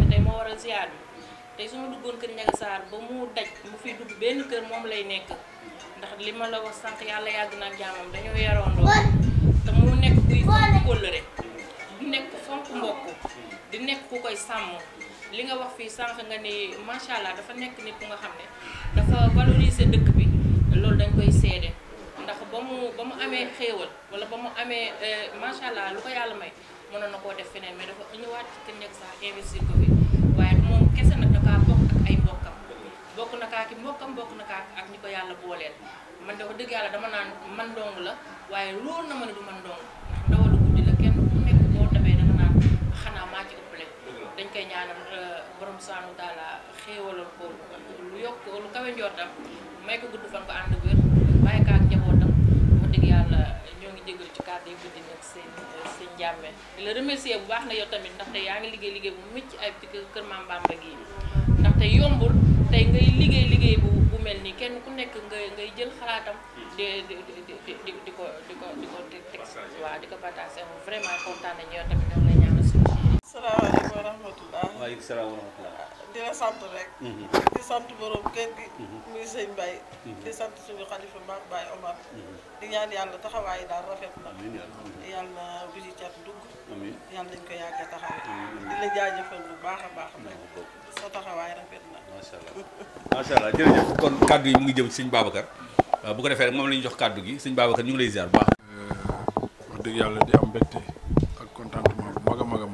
ne tey war a ziar bi tey su ma duggoon kër Ndiaga ba mu daj mu fiy dugg benn kër moom lay nekk ndax li ma la wax sànq yàlla yàgg na jaamam dañoo yaroondoo te mu nekk kuy kóllëre nekk fonk mbokk koy sàmm li nga wax fii sànq nga ni macha allah dafa nekk nit ku nga xam ne dafa valoriser dëkk bi loolu dañ koy seede ndax ba mu ba mu amee xéewal wala ba mu amee euh, macha allah lu ko yàlla may mënoon na koo def feneen mais dafa ñëwaat ci kër Ndiaga Sarr investir ko fi. bokk na kaa ki mbokkam bokk na kaa ak ñi ko yàlla booleel man de ko dëgg yàlla dama naan man dong la waaye loolu na ma ne du man dong ndax ndawalu guddi la kenn ku nekk boo demee dama xanaa maa ci dañ koy ñaanal euh, borom saanu daala xéewalal ko lu yokk lu kawe njortam may ko gudd fan ko ànd wér bàyyi kaa ak njabootam ma dëgg yàlla ñoo ngi jégalu ci kàddu yi guddi nag seen seen jàmme di la remercier bu baax na yow tamit ndaxte yaa ngi liggéey liggéey bu mucc ay ci kër Maam Bamba gi ndaxte yombul tey ngay liggéey liggéey bu bu mel ni kenn ku nekk ngay ngay jël xalaatam di di di di di ko di ko di ko teg waaw di ko partagé vraiment kontaan nañu yow tamit ñoom la ñu ñaanal suñu ji. salaamaaleykum wa rahmatulah. waaleykum salaam wa rahmatulah. Ah, di la sant rek. Mhm. di sant borom kër gi. Mhm. muy sëñ Mbaye. Mhm. di sant suñu xalifa Mbaye Baye Omar. di ñaan yàlla taxawaay daal rafet na. yàlla na bu ci cat dugg. ko yàgg a taxawee. di la bu baax a baax nag. sa taxawaay rafet na. macha allah macha allah kon kàddu yi mu ngi jëm ci sëñ Babacar euh, bu ko defee rek moom la jox kàddu gi sëñ Babacar ñu ngi lay ziar bu baax. Euh, wax dëgg yàlla di am mbégte ak contentement bu mag a mag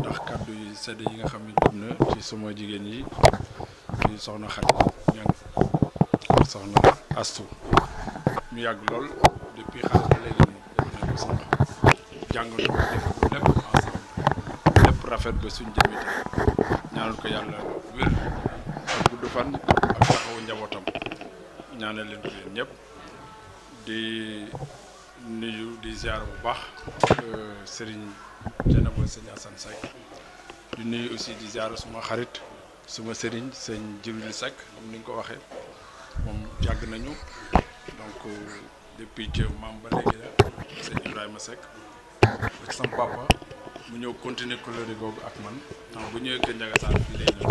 ndax kàddu yi sedd yi nga xam ne jëm na ci suma jigéen yi di soxna Xadi ñaan soxna Astu ñu yàgg lool depuis xale ba léegi moom dafa nekk sama jàngandoo lépp rafet ba suñ jëmee ñaanal ko yàlla wér ak gudd fan ak taxawu njabootam ñaanal leen ko yéen ñëpp di nuyu di ziar bu baax euh, Serigne Dieynaba Serigne Assane Seck di nuyu aussi di ziar suma xarit suma Serigne sëñ Jibril Seck comme ni nga ko waxee moom yàgg nañu donc euh, depuis ci maam ba léegi la sëñ Ibrahima Seck ak sama mu ñëw continuer colori googu ak man tam bu ñëwee kër Ndiagasaan fii lay ñëw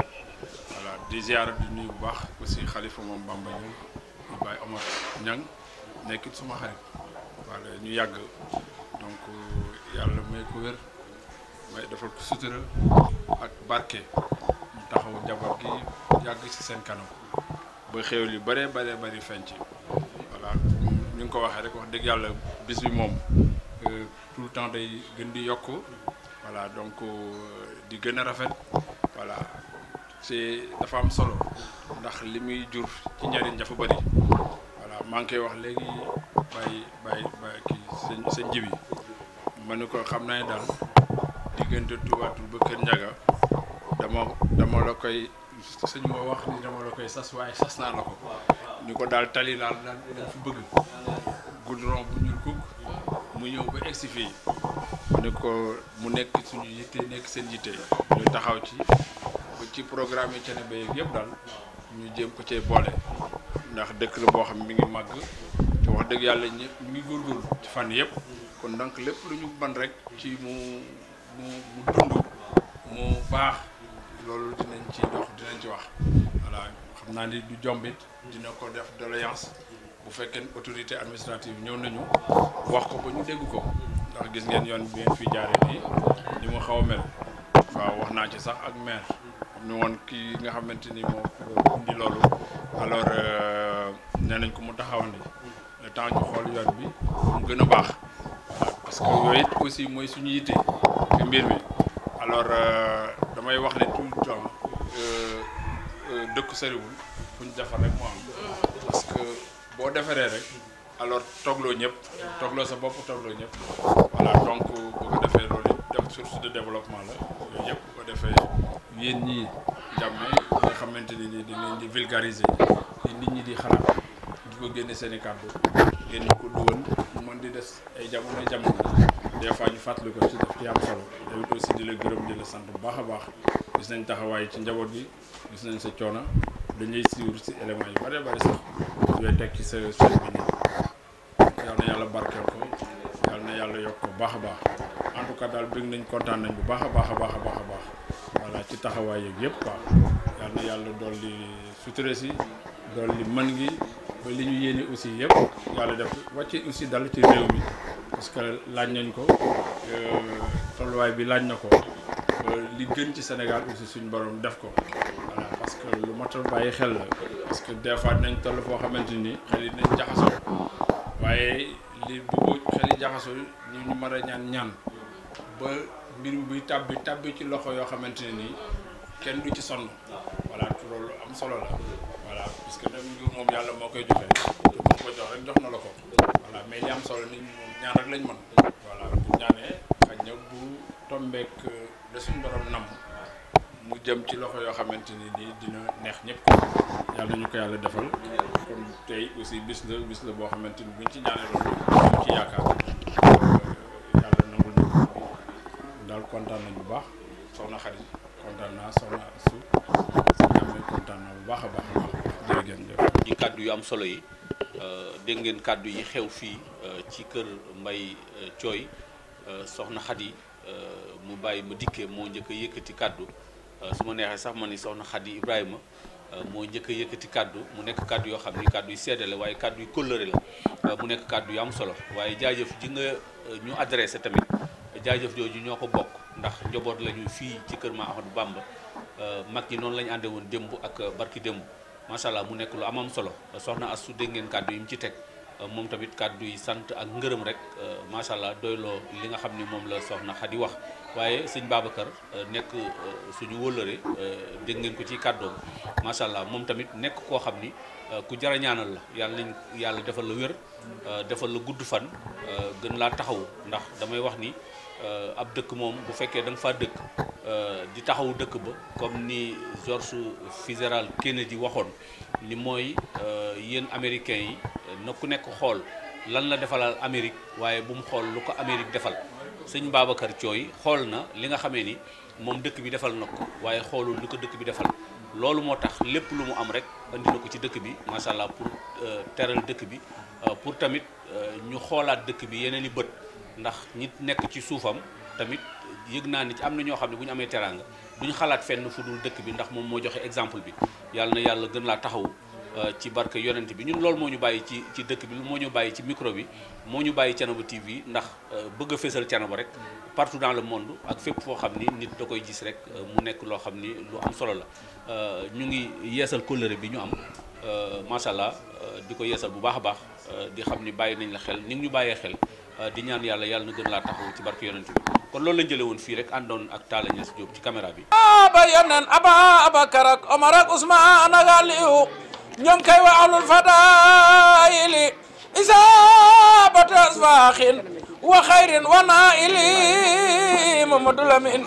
voilà di ziara di bu baax aussi xalifa moom Bamba ñu ñu bàyyi Omar Niang nekkit suma xarit wala ñu yàgg donc euh, yàlla may ko wér may defal sutura ak barke taxaw jabar gi yàgg ci seen kanam ba xéwal yu bëree bare bëri feeñ ci ñu ngi ko waxee rek wax dëgg yàlla bis bi moom euh, tout le temps day gën di yokk voilà donc euh, di gën a rafet voilà c'est dafa am solo ndax li muy jur ci njariñ dafa bëri voilà maa ngi koy wax léegi bàyyi bàyyi bàyyi kii njibi ma ne ko xam naa ne daal diggante tubaatul ba kër njaga dama dama la koy sëñ wax ni dama la koy sas waaye sas naa la ko ñu ko daal tali laal daal dañ fi bëgg goudron bu ñuul kukk mu ñëw ba egsi mu ko mu nekk suñu yitte nekk seen yitte ñu taxaw ci ci programme yi ba yëpp daal ñu jéem ko cee boole ndax dëkk la boo xam mi ngi màgg te wax dëgg yàlla ñu ngi góorgóorlu ci fànn yëpp kon donc lépp lu ñu ban rek ci mu mu mu dund mu baax loolu dinañ ci dox dinañ ci wax voilà xam naa ni du jombit dina ko def doléance bu fekkee autorité administrative ñëw nañu wax ko ba ñu dégg ko ndax gis ngeen yoon bi ngeen fi jaaree nii ni mu xaw a mel waaw wax naa ci sax ak maire ñu woon kii nga xamante ni moo indi loolu alors euh, nee nañ ko mu taxawandi le temps ñu xool yoon bi mu gën a baax parce que yooyu aussi mooy suñu yitte ci mbir mi alors euh, damay wax ne tout le temps euh, dëkk soriwul fu ñu defar moo am parce boo defaree rek. alors toogloo ñëpp toogloo sa bopp toogloo ñëpp voilà donc bu ko defee loolu itam source de développement la yooyu yëpp bu defee yéen ñi jàmme nga xamante ni ni di leen di vulgariser di ñi di xalaat di ko ñu ko dugal mën di des ay jamono jamono des fois fàttali ko ci def ci am solo tamit aussi di la gërëm di sant bu baax a baax gis nañ taxawaay ci njaboot bi gis nañ sa coono dañuy suivre si éléments yu bari bari sax yooyu teg ci sa chaîne bi nii yal na yàlla barkeel ko yal na yàlla yokk ko baax a baax en tout cas daal bëgg nañ kontaan nañ bu baax a baax a baax a baax a baax voilà ci taxawaay yeeg yëpp quoi yal na yàlla dool li suturé si dool li mën gi ba li ñu yéene aussi yëpp yàlla def wàcce aussi dal ci réew mi parce que laaj nañ ko euh, tolluwaay bi laaj na ko li gën ci Sénégal aussi suñu borom def ko voilà parce que lu matal bàyyi xel la parce que des fois dinañ foo xamante xel yi dinañ jaxasoo waaye li bu xel yi jaxasoo ñu ñu mën ñaan ñaan ba mbir bi tàbbi tàbbi ci loxo yoo xamante ne nii kenn du ci sonn voilà loolu am solo la voilà parce que nag mbir moom yàlla moo koy joxe te ko jox rek jox na la ko voilà mais li am solo nit moom ñaan rek lañ mën voilà bu ñaanee xaj na bu tombeek da euh, suñu borom nam mu jëm ci loxo yoo xamante ni nii dina neex ñëpp yàlla ñu ko yàlla defal kon tey aussi bis la la boo xamante ni buñ ci ñaanaloon ñu ci yaakaar kontaan bu baax soxna xarit kontaan naa soxna su amee kontaan naa bu baax a baax a baax jërëjëf ci kàddu yu am solo yi euh, dégg ngeen kàddu yi xew fii euh, ci kër Mbaye euh, Thioye soxna Xadi mu bàyyi ma dikkee moo njëkk a yëkkati kàddu Euh, su ma neexee sax ma ni soxna Khady Ibrahima euh, moo njëkk a yëkkati kàddu mu nekk kàddu yoo xam ni kàddu yu sedd waaye kàddu yu kóllëre la euh, mu nekk kàddu yu am solo waaye jaajëf ji nga ñu adressé tamit jaajëf jooju ñoo ko bokk ndax njoboot lañu fii ci kër ma Ahmadou Bamba mag ñi noonu la ñu woon démb ak barki démb macha mu nekk lu amam solo soxna Astou dégg ngeen kàddu yi mu ci teg moom tamit kàddu yi sant ak ngërëm rek macha allah doyloo li nga xam ni moom la soxna Khady wax waaye sëñ Babacar euh, nekk euh, suñu wóllëre euh, dégg ngeen ko ci kàddoom macha allah moom tamit nekk koo xam ni ku jar a la yàlla nañ yàlla defal la wér defal la gudd fan gën laa taxaw ndax damay wax ni ab dëkk moom bu fekkee da nga faa dëkk di taxawu dëkk ba comme ni George Fitzgerald Kennedy waxoon ni mooy yéen américains yi na ku nekk xool lan la defalal Amérique waaye bu mu xool lu ko Amérique defal sëñ Babacar Thioy xool na li nga xamee ni moom dëkk bi defal na ko waaye xoolul li ko dëkk bi defal loolu moo tax lépp lu mu am rek andi na ko ci dëkk bi macha allah pour euh, teral dëkk bi euh, pour tamit euh, ñu xoolaat dëkk bi yeneen yi bët ndax nit nekk ci suufam tamit yëg naa ni ci am na ñoo xam ne bu ñu amee teraanga duñu xalaat fenn fu dul dëkk bi ndax moom moo joxe exemple bi yàlla na yàlla gën laa taxawu Euh, ci barke yonent bi ñun loolu moo ñu bàyyi ci ci dëkk bi moo ñu bàyyi ci micro bi moo ñu bàyyi Thiénaba TV ndax euh, bëgg a fésal Thiénaba rek partout dans le monde ak fépp foo xam ni nit da koy gis rek euh, mu nekk loo xam ni lu am solo la ñu ngi yeesal kóllëre bi ñu am macha allah di ko yeesal bu baax a baax di xam ni bàyyi nañ la xel ni ñu bàyyee xel di ñaan yàlla yàlla na gën laa taxaw ci barke yonent bi kon loolu lañ jële woon fii rek àndoon ak Talla Niass Diop ci caméra bi ñoom kay wa ahlul fadaili isabat asfaxin wa xayrin wa naili mamadou lamin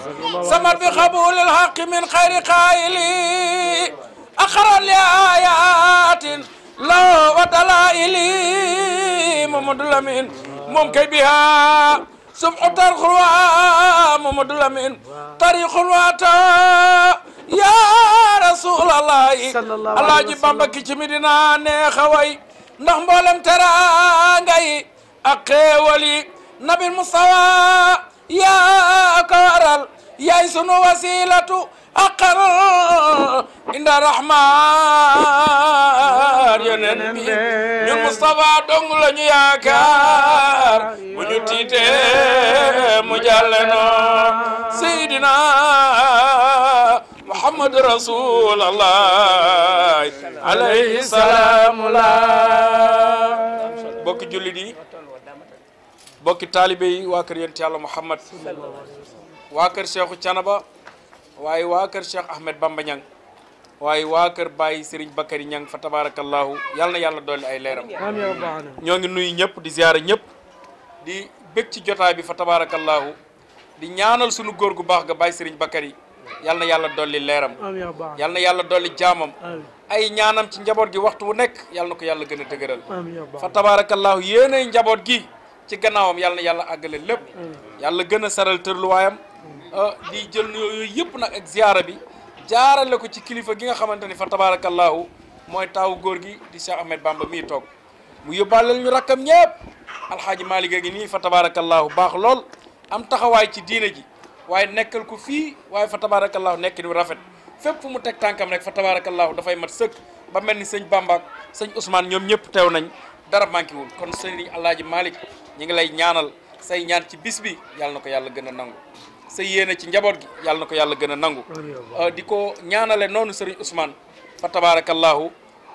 samad bi xabulil xaqi min xayri xayili axaran li ayatin law wa dalaili mamadou lamin moom kay biha سمع ترخوا محمد الأمين تاريخ واتا يا رسول الله الله جبان بكي جميدنا نيخوي نحمولم ترانغي أقوالي نبي المصطفى يا كارل يا سنو وسيلة أقر عند رحمن ينبي المصطفى دونغ لا ياكار بنو تيتي مجالنا سيدنا محمد رسول الله عليه السلام الله بوك جولي بوك طالبي واكر ينتي الله محمد واكر شيخ تشانبا waaye waa kër Cheikh Ahmed Bamba Niang waaye waa kër Baye Serigne Bakary Niang fa tabarakallahu yal na yàlla dolli ay leeram ñoo ngi nuy ñëpp di ziyaara ñëpp di bég ci jotaay bi fa tabarakallahu di ñaanal sunu góor gu baax ga Baye sëriñ Bakary yal na yàlla dolli leeram yal na yàlla dolli jaamam ay ñaanam ci njaboot gi waxtu wu nekk yal na ko yàlla gën a dëgëral fa tabarakallahu yéenay njaboot gi ci gannaawam yal na yàlla àggale lépp yàlla gën a Euh, di jël yooyu yëpp nag ak ziyaara bi jaarale ko ci kilifa gi nga xamante ni fa tabaarakallaahu mooy taawu góor gi di Cheikh Ahmed Bamba mii toog mu yóbbaaleel ñu rakkam ñëpp alxaaji Malick a ngi nii fa tabaarakallaahu baax lool am taxawaay ci diine ji waaye nekkal ko fii waaye fa tabaarakallaahu nekk ni rafet fépp fu mu teg tànkam rek fa tabaarakallaahu dafay mat sëkk ba mel ni sëñ Bamba sëñ Ousmane ñoom ñëpp teew nañ dara manqué wul kon sëriñ alxaaji Malick ñu ngi lay ñaanal say ñaan ci bis bi yàlla na ko yàlla gën a nangu sa yéene ci njaboot gi yàlla na ko yàlla gën a nangu euh, di ko ñaanale noonu sëriñ Ousmane fa tabaarakallaahu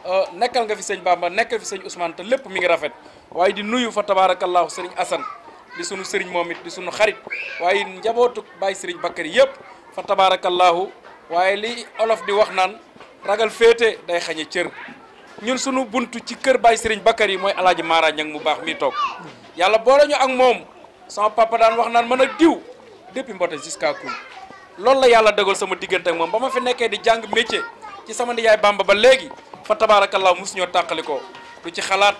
euh, nekkal nga fi sëñ Bamba nekkal fi sëñ Ousmane te lépp mi ngi rafet waaye di nuyu fa tabaarakallaahu sëriñ Assane di sunu sëriñ moom it di sunu xarit waaye njabootu bàyyi sëriñ Bakary yëpp fa tabaarakallaahu waaye li olof di wax naan ragal féete day xañe cër ñun sunu buntu ci kër bàyyi sëriñ yi mooy alaaji Mara Ñang mu baax mi toog yàlla boole ñu ak moom wax naan mën a diw depuis Mbote jusqu'à Koul loolu la yàlla dogal sama diggante ak moom ba ma fi nekkee di jàng métier ci sama nijaay Bamba ba léegi fa tabaarakallaa mosu ñoo tàqali ko du ci xalaat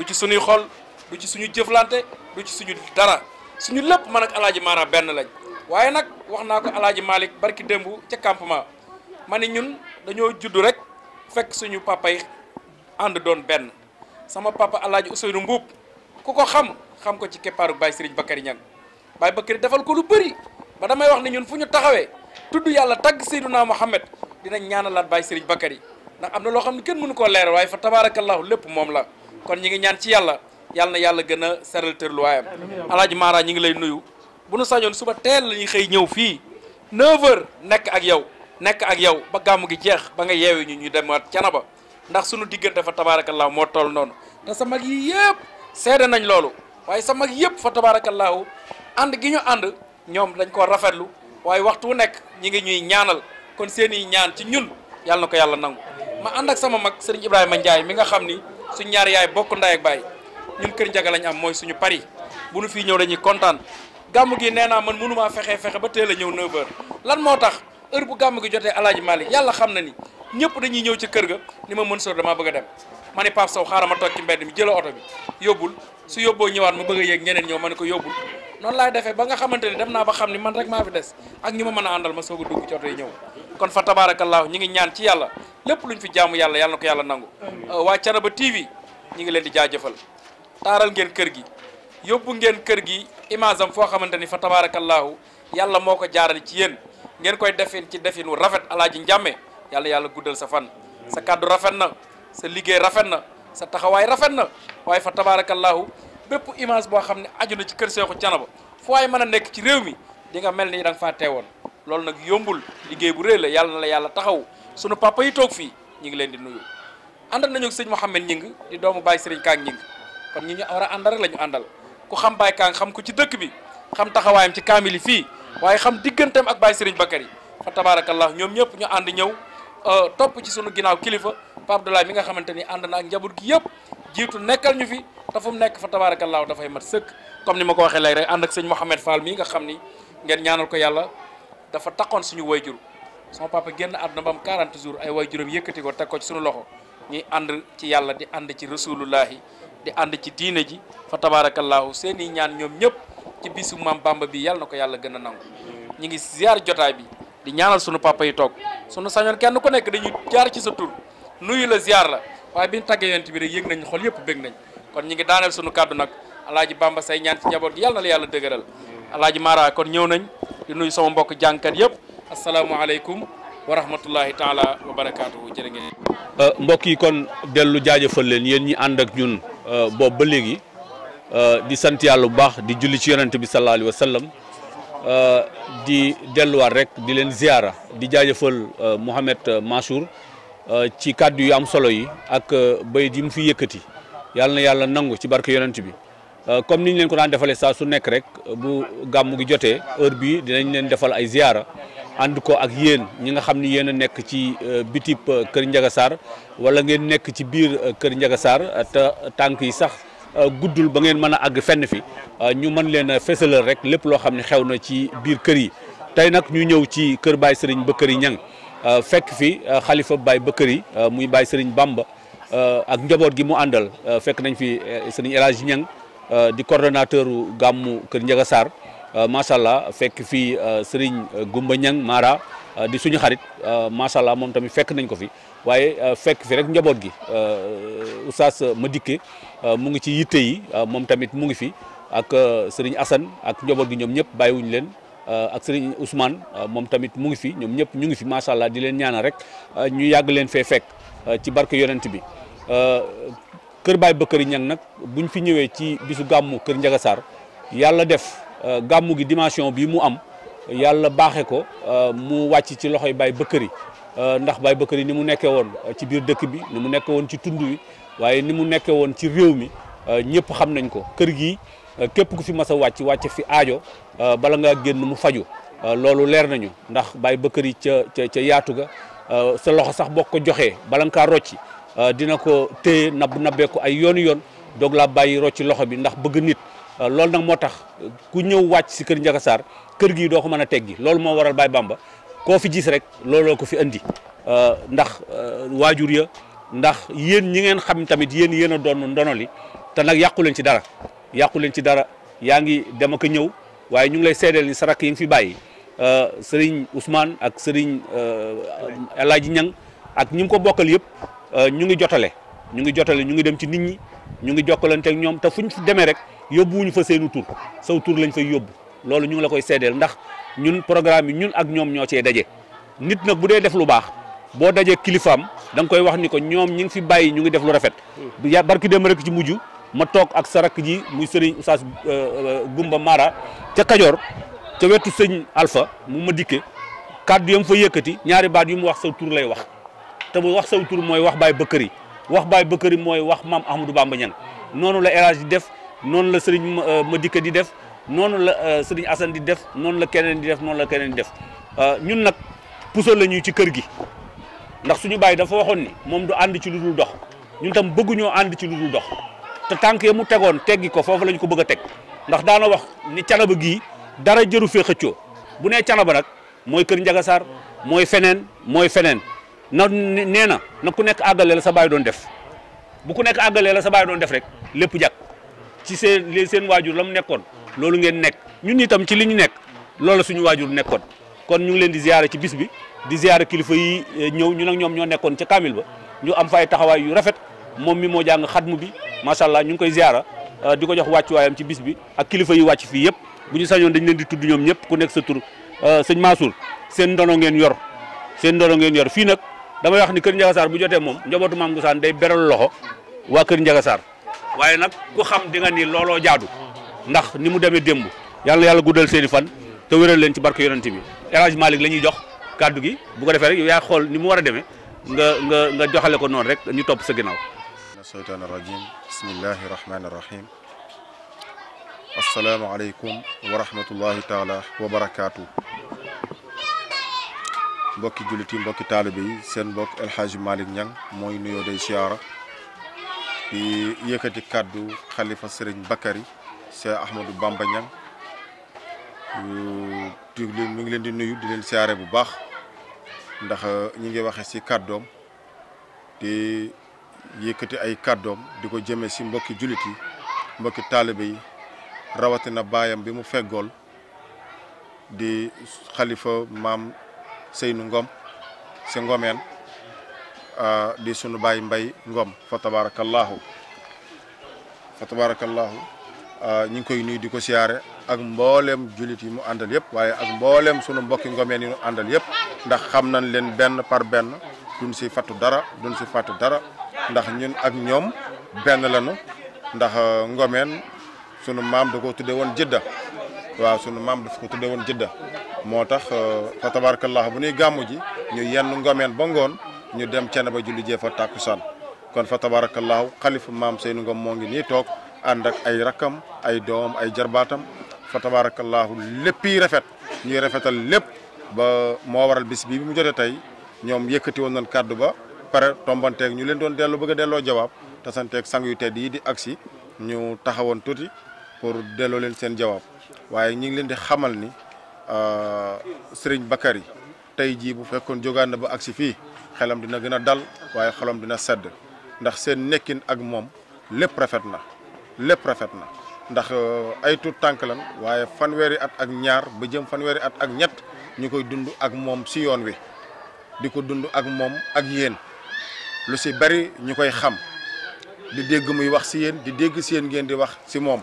du ci suñuy xol du ci suñu jëflante du ci suñu dara suñu lépp mën ak alaaji maara benn lañ waaye nag wax naa ko alaaji Malick barki démb ca campement ma ni ñun dañoo juddu rek fekk suñu papa ànd doon benn sama papa alaaji Ousseynou Mbuub ku ko xam xam ko ci keppaaru Baye Serigne Bakary Niang Baye Bakary defal ko lu bëri ba damay wax ne ñun fu ñu taxawee tudd yàlla tagg Seydouna Mohamed dinañ ñaanalaat Baye Serigne Bakary ndax am na loo xam ne kenn mënu koo leer waaye fa tabaarakallaahu lépp moom la kon ñi ngi ñaan ci yàlla yàlla na yàlla gën a seral tërluwaayam alaaji Mara ñi ngi lay nuyu bu nu sañoon suba teel la ñuy xëy ñëw fii 9h nekk ak yow nekk ak yow ba gàmm gi jeex ba nga yeewee ñu ñu demaat canaba ndax sunu diggante fa tabaarakallaahu moo toll noonu te sa mag yi nañ loolu waaye sa mag yëpp fa tabaarakallaahu ànd gi ñu ànd ñoom dañ ko rafetlu waaye waxtu wu nekk ñi ngi ñuy ñaanal kon seen i ñaan ci ñun yàlla na ko yàlla nangu ma ànd ak sama mag sëriñ Ibrahima Ndiaye mi nga xam ni su ñaari yaay bokk ndaay ak baay ñun kër njaga lañ am mooy suñu pari bu nu fii ñëw dañuy kontaan gàmm gi nee naa man mënumaa fexe fexe ba teel a ñëw 9 lan moo tax heure bu gàmm gi jotee alaaji Malick yàlla xam na ni ñëpp dañuy ñëw ci kër ga ni ma mën sor damaa bëgg dem ma ne Pape Sow xaaral ma toog ci mbedd mi jëla oto bi yóbbul su yóbboo ñëwaat ma bëgg a yéeg ñeneen ñëw ma ne ko yóbbul noonu laay defee ba nga xamante ne dem naa ba xam ni man rek maa fi des ak ñi ma mën a àndal ma soog a dugg ci oto yi ñëw kon fa tabaarakallaahu ñi ngi ñaan ci yàlla lépp lu ñu fi jaamu yàlla yàlla ko yàlla nangu euh, waa Thiénaba TV ñi ngi leen di jaajëfal taaral ngeen kër gi yóbbu ngeen kër gi image am foo xamante ni fa tabaarakallaahu yàlla moo ko jaarale ci yéen ngeen koy defin ci wu rafet alaaji njàmme yàlla yàlla guddal sa fan sa kàddu rafet na sa liggéey rafet na sa taxawaay rafet na waaye fa tabaarakallaahu bépp image boo xam ne aju na ci kër Seexu Canaba fu waay mën a nekk ci réew mi di nga mel ni da nga faa teewoon loolu nag yombul liggéey bu rëy la yàlla na la yàlla taxaw sunu papa yi toog fii ñu ngi leen di nuyu ànd nañu ak sëñ Mouhamed Ñing di doomu Baye Serigne kaa Ñing kon ñi ñu war a àndal rek àndal ku xam Baye Kaang xam ko ci dëkk bi xam taxawaayam ci kaamil yi fii waaye xam digganteem ak Baye Serigne Bakary fa tabaarakallah ñoom ñëpp ñu ànd ñëw euh, topp ci sunu ginnaaw kilifa Pape Abdoulaye mi nga xamante ni ànd na njaboot gi yëpp jiitu nekkal ñu fi te fu nekk fa tabaarakallaahu dafay mat sëkk comme ni ma ko waxee léegi rek ànd ak sëñ Mouhamed Fall mii nga xam ni ngeen ñaanal ko yàlla dafa taxoon suñu wayjur sama papa génn àdduna ba am 40 jours ay wayjuram yëkkati ko teg ko ci suñu loxo ñuy ànd ci yàlla di ànd ci rasulullahi di ànd ci diine ji fa tabaarakallaahu seen i ñaan ñoom ñëpp ci bisu maam Bamba bi yàlla na ko yàlla gën a nangu ñi ngi ziar jotaay bi di ñaanal suñu papa yi toog sunu sañoon kenn ku nekk dañuy jaar ci sa tur nuyu la ziar la waaye bi ñu tàggee bi rek yëg nañ xol yëpp bég nañ kon ñi ngi daaneel sunu kàddu nag alaaji bamba say ñaan ci njaboot gi yàlla na dëgëral alaaji mara kon ñëw nañ di nuyu sama mbokk jànkat yëpp asalaamualeykum wa rahmatullahi taala wa barakaatuhu jërë ngeen euh, mbokk yi kon dellu jaajëfal leen yéen ñi ànd ak ñun euh, boobu ba léegi euh, di sant yàlla bu baax di julli ci yonent bi sallallahu alayhi wa di delluwaat rek di leen ziyaara di jaajëfal Mouhamed Mansour ci kàddu yu am solo yi ak bayit yi mu fi yëkkati yàlla na yàlla nangu ci barke yonent bi euh, comme ni ñu leen ko daan defale saa su nekk rek bu gàmmu gi jotee heure bii dinañ leen defal ay ziyaara ànd ko ak yéen ñi nga xam ni yéen a nekk ci euh, bitib euh, Kër Ndiaga Sarr wala ngeen nekk ci biir Kër Ndiaga Sarr te tànk yi sax guddul ba ngeen mën a àgg fenn fi ñu mën leen a rek lépp loo xam ne xew na ci biir kër yi tey nag ñu ñëw ci kër Baye Serigne Bakary Niang fekk fi xalifa baay ba kër yi muy Baye Serigne Bamba Euh, ak njaboot gi mu àndal euh, fekk nañ fi euh, sëriñ El Hadj Niang di coordonnateur gàmmu Kër a saar macha allah fekk fii sëriñ Goumba ñan Mara di suñu xarit macha allah moom tamit fekk nañ ko fi waaye fekk fi rek njaboot gi oustaz Madické mu ngi ci yitte yi moom tamit mu ngi fi ak sëriñ Assane ak njaboot gi ñoom ñëpp wuñ leen. ak sëriñ Ousmane moom tamit mu ngi fi ñoom ñëpp ñu ngi fi macha allah di leen ñaanal rek ñu yàgg leen fee fekk ci barke yonent bi. Euh, kër Baay Bëkkëri ñan nag buñ fi ñëwee ci bisu gàmmu kër Njaga Sarr yàlla def euh, gàmmu gi dimension bi mu am yàlla baaxe ko euh, mu wàcc ci loxo loxoy Baay Bëkkëri ndax Baay Bëkkëri ni mu nekkee woon ci biir dëkk bi ni mu nekkee woon ci tund wi waaye ni mu nekkee woon ci réew mi ñëpp xam nañ ko kër gi képp ku fi mas a wàcc wàcc fi aajo bala ngaa génn mu faju loolu leer nañu ndax Baay Bëkkëri ca ca ca yaatu ga sa loxo sax boo ko joxee bala nga kaa rocci Euh, dina ko téye nab nabbeeku ay yoonu yoon doog laa bàyyi rocci loxo bi ndax bëgg nit euh, loolu nag moo tax ku ñëw wàcc si kër Ndiaga Sarr kër gii doo ko mën a teggi loolu moo waral Baye Bamba koo fi jiis rek looloo ko fi andi euh, ndax waajur ya ndax yéen ñi ngeen xam tamit yéen yéen a doon ndono li te nag yàqu leen ci dara yàqu leen ci dara yaa ngi dem ak ñëw waaye ñu ngi lay seedeel ni sarak yi nga fi bàyyi sëriñ Ousmane ak sëriñ El Hadji Niang ak ñi mu ko bokkal yëpp Euh, ñu ngi jotale ñu ngi jotale ñu ngi dem ci nit ñi ñu ngi jokkalante ak ñoom te fu ñu demee rek yóbbu yóbbuwuñu fa seeni tur saw tur lañ fay yóbbu loolu ñu ngi la koy seedeel ndax ñun programme yi ñun ak ñoom ñoo cee daje. nit nag bu dee def lu baax boo dajee kilifaam da nga koy wax ni ko ñoom ñi ngi fi bàyyi ñu ngi def lu rafet. Hmm. ya barki dem rek ci mujj ma toog ak sa rakk ji muy sëriñ Oustaz euh, euh, Gumba Mara ca Kajoor ca wetu sëñ alfa mu ma dikke kàddu yam fa yëkkati ñaari baat yu mu wax sa tur lay wax. te bu wax saw tur mooy wax baay bëkkëri wax baay bëkkëri mooy wax maam Ahmadou Bamba Ñang noonu la Elhadji di def noonu la sëriñ euh, Madika di def noonu la euh, sëriñ Assane di def noonu la keneen di def noonu la keneen di def euh, ñun nag puso la ci kër gi ndax suñu bàyyi dafa waxoon ni moom du ànd ci lu dul dox ñun tam bëgguñoo ànd ci lu dul dox te tànk ya mu tegoon teggi ko foofu lañu ko bëgg a teg ndax daana wax ni canaba gii dara jëru fee xëccoo bu nee canaba nag mooy kër njagasaar mooy feneen mooy feneen na nee na na ku nekk àggalee la sa baay doon def bu ku nekk àggalee la sa doon def rek lépp jag ci seen li seen waajur la mu nekkoon loolu ngeen nekk ñun itam ci li ñu nekk loolu suñu waajur nekkoon kon ñu ngi leen di ziyaare ci bis bi di ziyaare kilifa yi eh, ñëw ñu nag ñoom ñoo nekkoon ca kaamil ba ñu am fay taxawaay yu rafet moom mi moo jàng xatmu bi macha allah ñu ngi koy ziyaara eh, di ko jox waayam ci bis bi ak kilifa yi wàcc fii yëpp bu ñu sañoon dañ leen di tudd ñoom ñëpp ku nekk sa tur eh, sëñ Mansour seen ndono ngeen yor seen ndono ngeen yor fii nag damay wax ni kër Ndiaga Sarr bu jotee moom njabootu maam saan day beral loxo waa kër Ndiaga Sarr waaye nag ku xam di nga ni looloo jaadu ndax ni mu demee démb yàlla yàlla guddal seeni fan te wéral leen ci barke yonent mi El Hadj Malick ñuy jox kàddu gi bu ko defee rek yaa xool ni mu war a demee nga nga nga joxale ko noonu rek ñu topp sa ginnaaw na sheytaan irajim bismillahi rahmani irahim asalaamaaleykum wa rahmatullahi taala wa barakaatu mbokki jullit yi mbokki taalibe yi seen mbokk El Hadj Malick mooy nuyoo day siyaara di yëkkati kàddu xalifa sëriñ Bakary Cheikh Ahmadou Bamba Niang di mu ngi leen di nuyu di leen siyaare bu baax ndax ñi ngi waxe ci kàddoom di yëkkati ay kàddoom di ko jëmee ci mbokki jullit yi mbokki taalibe yi rawatina baayam bi mu feggool di xalifa maam Seynu Ngom si Ngomeen ah, di sunu baay Mbay Ngom fa tabaarakallaahu fa tabaarakallaahu ah, ñu ngi koy nuyu di ko siyaare ak mboolem jullit yi mu àndal yëpp waaye ak mboolem sunu mbokki Ngomeen yi mu àndal yëpp ndax xam nañ leen benn par benn duñ si fattu dara duñ si fattu dara ndax ñun ak ñoom benn lañu ndax ah, Ngomeen sunu maam da ko tudde woon Jidda waaw sunu maam daf ko tudde woon jidda moo tax euh, fa tabarakallah bu ñuy gàmmu ji ñu yenn ngomeen ba ngoon ñu dem cene ba julli jee fa tàkkusaan kon fa tabarakallah xalifa maam Seynu Ngom moo ngi nii toog ànd ak ay rakam ay doom ay jarbaatam fa tabarakallah lépp yi rafet ñuy rafetal lépp ba moo waral bis bi bi mu jotee tey ñoom yëkkati woon nañ kàddu ba pare tombanteeg ñu leen doon dellu bëgg a delloo jawaab te santeeg sang yu tedd yi di agsi ñu taxawoon tuuti pour delloo leen seen jawaab waaye ñu ngi leen di xamal ni euh, sëriñ yi tey jii bu fekkoon jógaan na ba si fii xelam dina gën a dal waaye xelam dina sedd ndax seen nekkin ak moom lépp rafet na lépp rafet na ndax euh, ay tuut tànk lan waaye fanweeri at ak ñaar ba jëm fanweeri at ak ñett ñu koy dund ak moom si yoon wi di ko dund ak moom ak yéen lu si bari ñu koy xam di dégg muy wax si yéen di dégg si yéen ngeen di wax si moom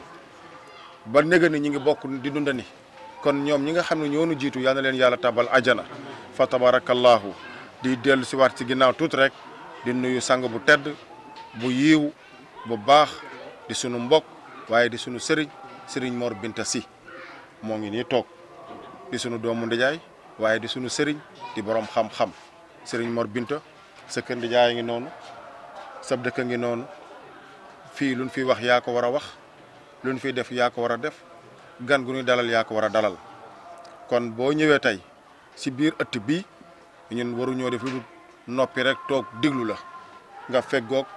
ba néga ni ñi ngi bokk di dundani kon ñoom ñi nga xam ne ñoonu jiitu yal na leen yàlla tabal ajana fa tabarakallahu di dellu si waat ci ginnaaw tuuti rek di nuyu sang bu tedd bu yiw bu baax di sunu mbokk waaye di sunu sëriñ sëriñ moor Binta Si moo ngi nii toog di sunu doomu ndijaay waaye di sunu sëriñ di boroom xam-xam sëriñ Mor Binta sa kër ndijaay ngi noonu sab dëkk ngi noonu fii luñ fi wax yaa ko war a wax lu ñu fiy def yaa ko war a def gan gu ñuy dalal yaa ko war a dalal kon boo ñëwee tey si biir ëtt bi ñun waruñoo def lu noppi rek toog diglu la nga feggoog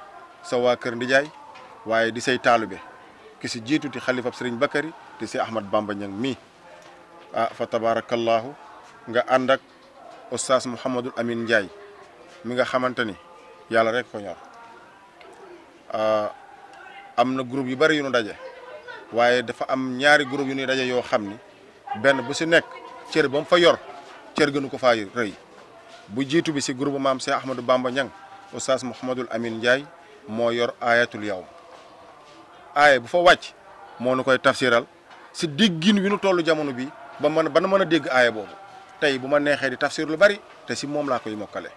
sa waa kër Ndijaay waaye di say taalibe ki si jiitu di xalifab sëriñ Bakary di si Ahmad Bamba Ñang mii ah fa tabaarakallaahu nga ànd ak oustaz Mouhamadul Amin Ndiaye mi nga xamante ni yàlla rek ko ah, am na groupe yu bari yu nu daje. waaye dafa am ñaari groupe yu ñuy daje yoo xam ni benn bu si nekk cër ba mu fa yor cër gënu ko faa rëy bu jiitu bi si groupe maam Cheikh Ahmadou Bamba Niang oustaz Mouhamadul Amin Ndiaye moo yor ayatul yow aaye bu fa wàcc moo nu koy tafsiral si diggin wi nu toll jamono bi ba mën ba na mën a dégg aaye boobu tey bu ma neexee di tafsir lu bari te si moom laa koy mokkale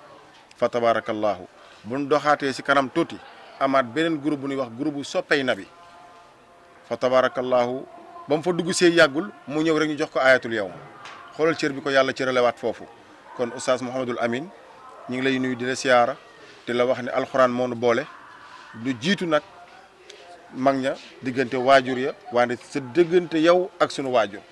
fa tabaarakallaahu bu nu doxaatee si kanam tuuti amaat beneen groupe bu ñuy wax groupe bu soppey na bi fa tabaarakallaahu ba mu fa dugg see yàggul mu ñëw rek ñu jox ko ayatul yow xoolal cër bi ko yàlla cëralewaat foofu kon oustaz Mouhamadul Amin ñu ngi lay nuyu di la siyaara di la wax ne alxuraan moonu boole lu jiitu nag mag ña diggante waajur ya waande sa diggante yow ak sunu waajur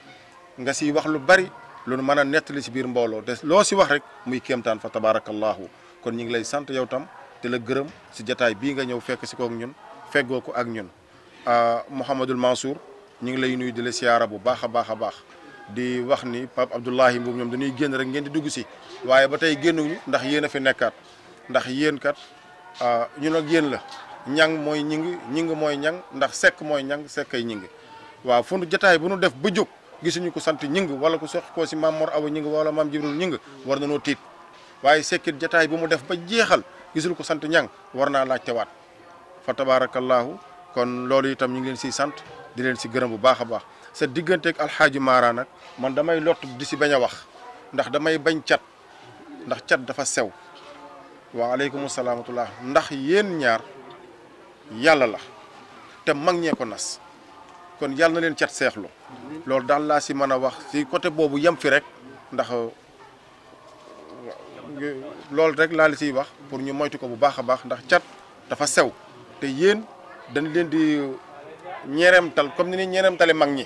nga siy wax lu bari lu mën a nettali si biir mbooloo te loo si wax rek muy kéemtaan fa tabaarakallaahu kon ñu ngi lay sant yow tam te la gërëm si jataay bii nga ñëw fekk si kook ñun feggoo ko ak ñun Euh, Mouhamadul Mansour ñu ngi lay nuyu di la siyaara bu baax a baax a baax di wax ni Pape Abdoulahi Mbuub ñoom dañuy génn rek ngeen di dugg si waaye ba tey génnuñu ndax yéen a fi nekkaat ndax yéen kat euh, ñun ak yéen la ñang mooy ñing ñing mooy ñang ndax sekk mooy ñang sekkay ñing waaw fu nu jataay bu nu def ba jóg gisuñu ko sant ñing wala ko sox koo si maam Mor Awa ñing wala maam Jibril ñing war nañoo tiit waaye sekkit jotaay bu mu def ba jeexal gisul ko sant ñang war naa laajtewaat fa tabaarakallaahu kon loolu itam ñu ngi si sant di leen si gërëm bu baax a baax sa digganteeg alxaaji maaraa nag man damay lott di si bañ a wax ndax damay bañ cat ndax cat dafa sew waaleykum salaamatulah ndax yéen ñaar yàlla la te mag ñee ko nas kon yàlla na leen cat seexlu loolu daal laa si mën a wax si côté boobu yem fi rek ndax loolu rek laa li siy wax pour ñu moytu ko bu baax a baax ndax cat dafa sew te yéen. dañ leen di ñeereem tal comme ni ni ñeereem mag ñi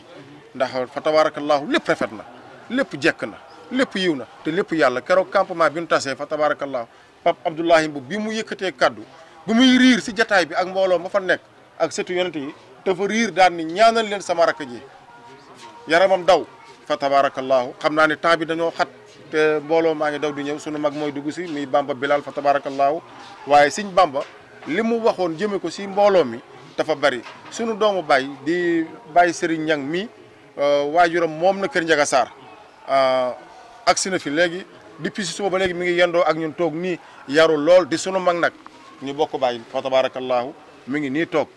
ndax fa tabaarakallaahu lépp rafet na lépp jekk na lépp yiw na te lépp yàlla keroog campement bi nu tasee fa tabaarakallaahu Pape Abdoulahi Mbow bi mu yëkkatee kaddu bu muy riir si jataay bi ak mbooloo ma fa nekk ak setu yonent yi dafa riir daan ni ñaanal leen sama rakk ji yaramam daw fa tabaarakallaahu xam naa ne temps bi dañoo xat te mbooloo maa ngi daw di ñëw sunu mag mooy dugg si muy Bamba Bilal fa tabaarakallaahu waaye Sëñ Bamba li mu waxoon jëme ko si mbooloo mi dafa bari sunu doomu baay di bàyyi Serigne Niang mi euh, waajuram moom na Kër a saar Sarr euh, si na fi léegi depuis si suba ba léegi mi ngi yendoo ak ñun toog nii yaru lool di sunu mag nag ñu bokk bàyyi fa tabaarakallaahu mi ngi nii toog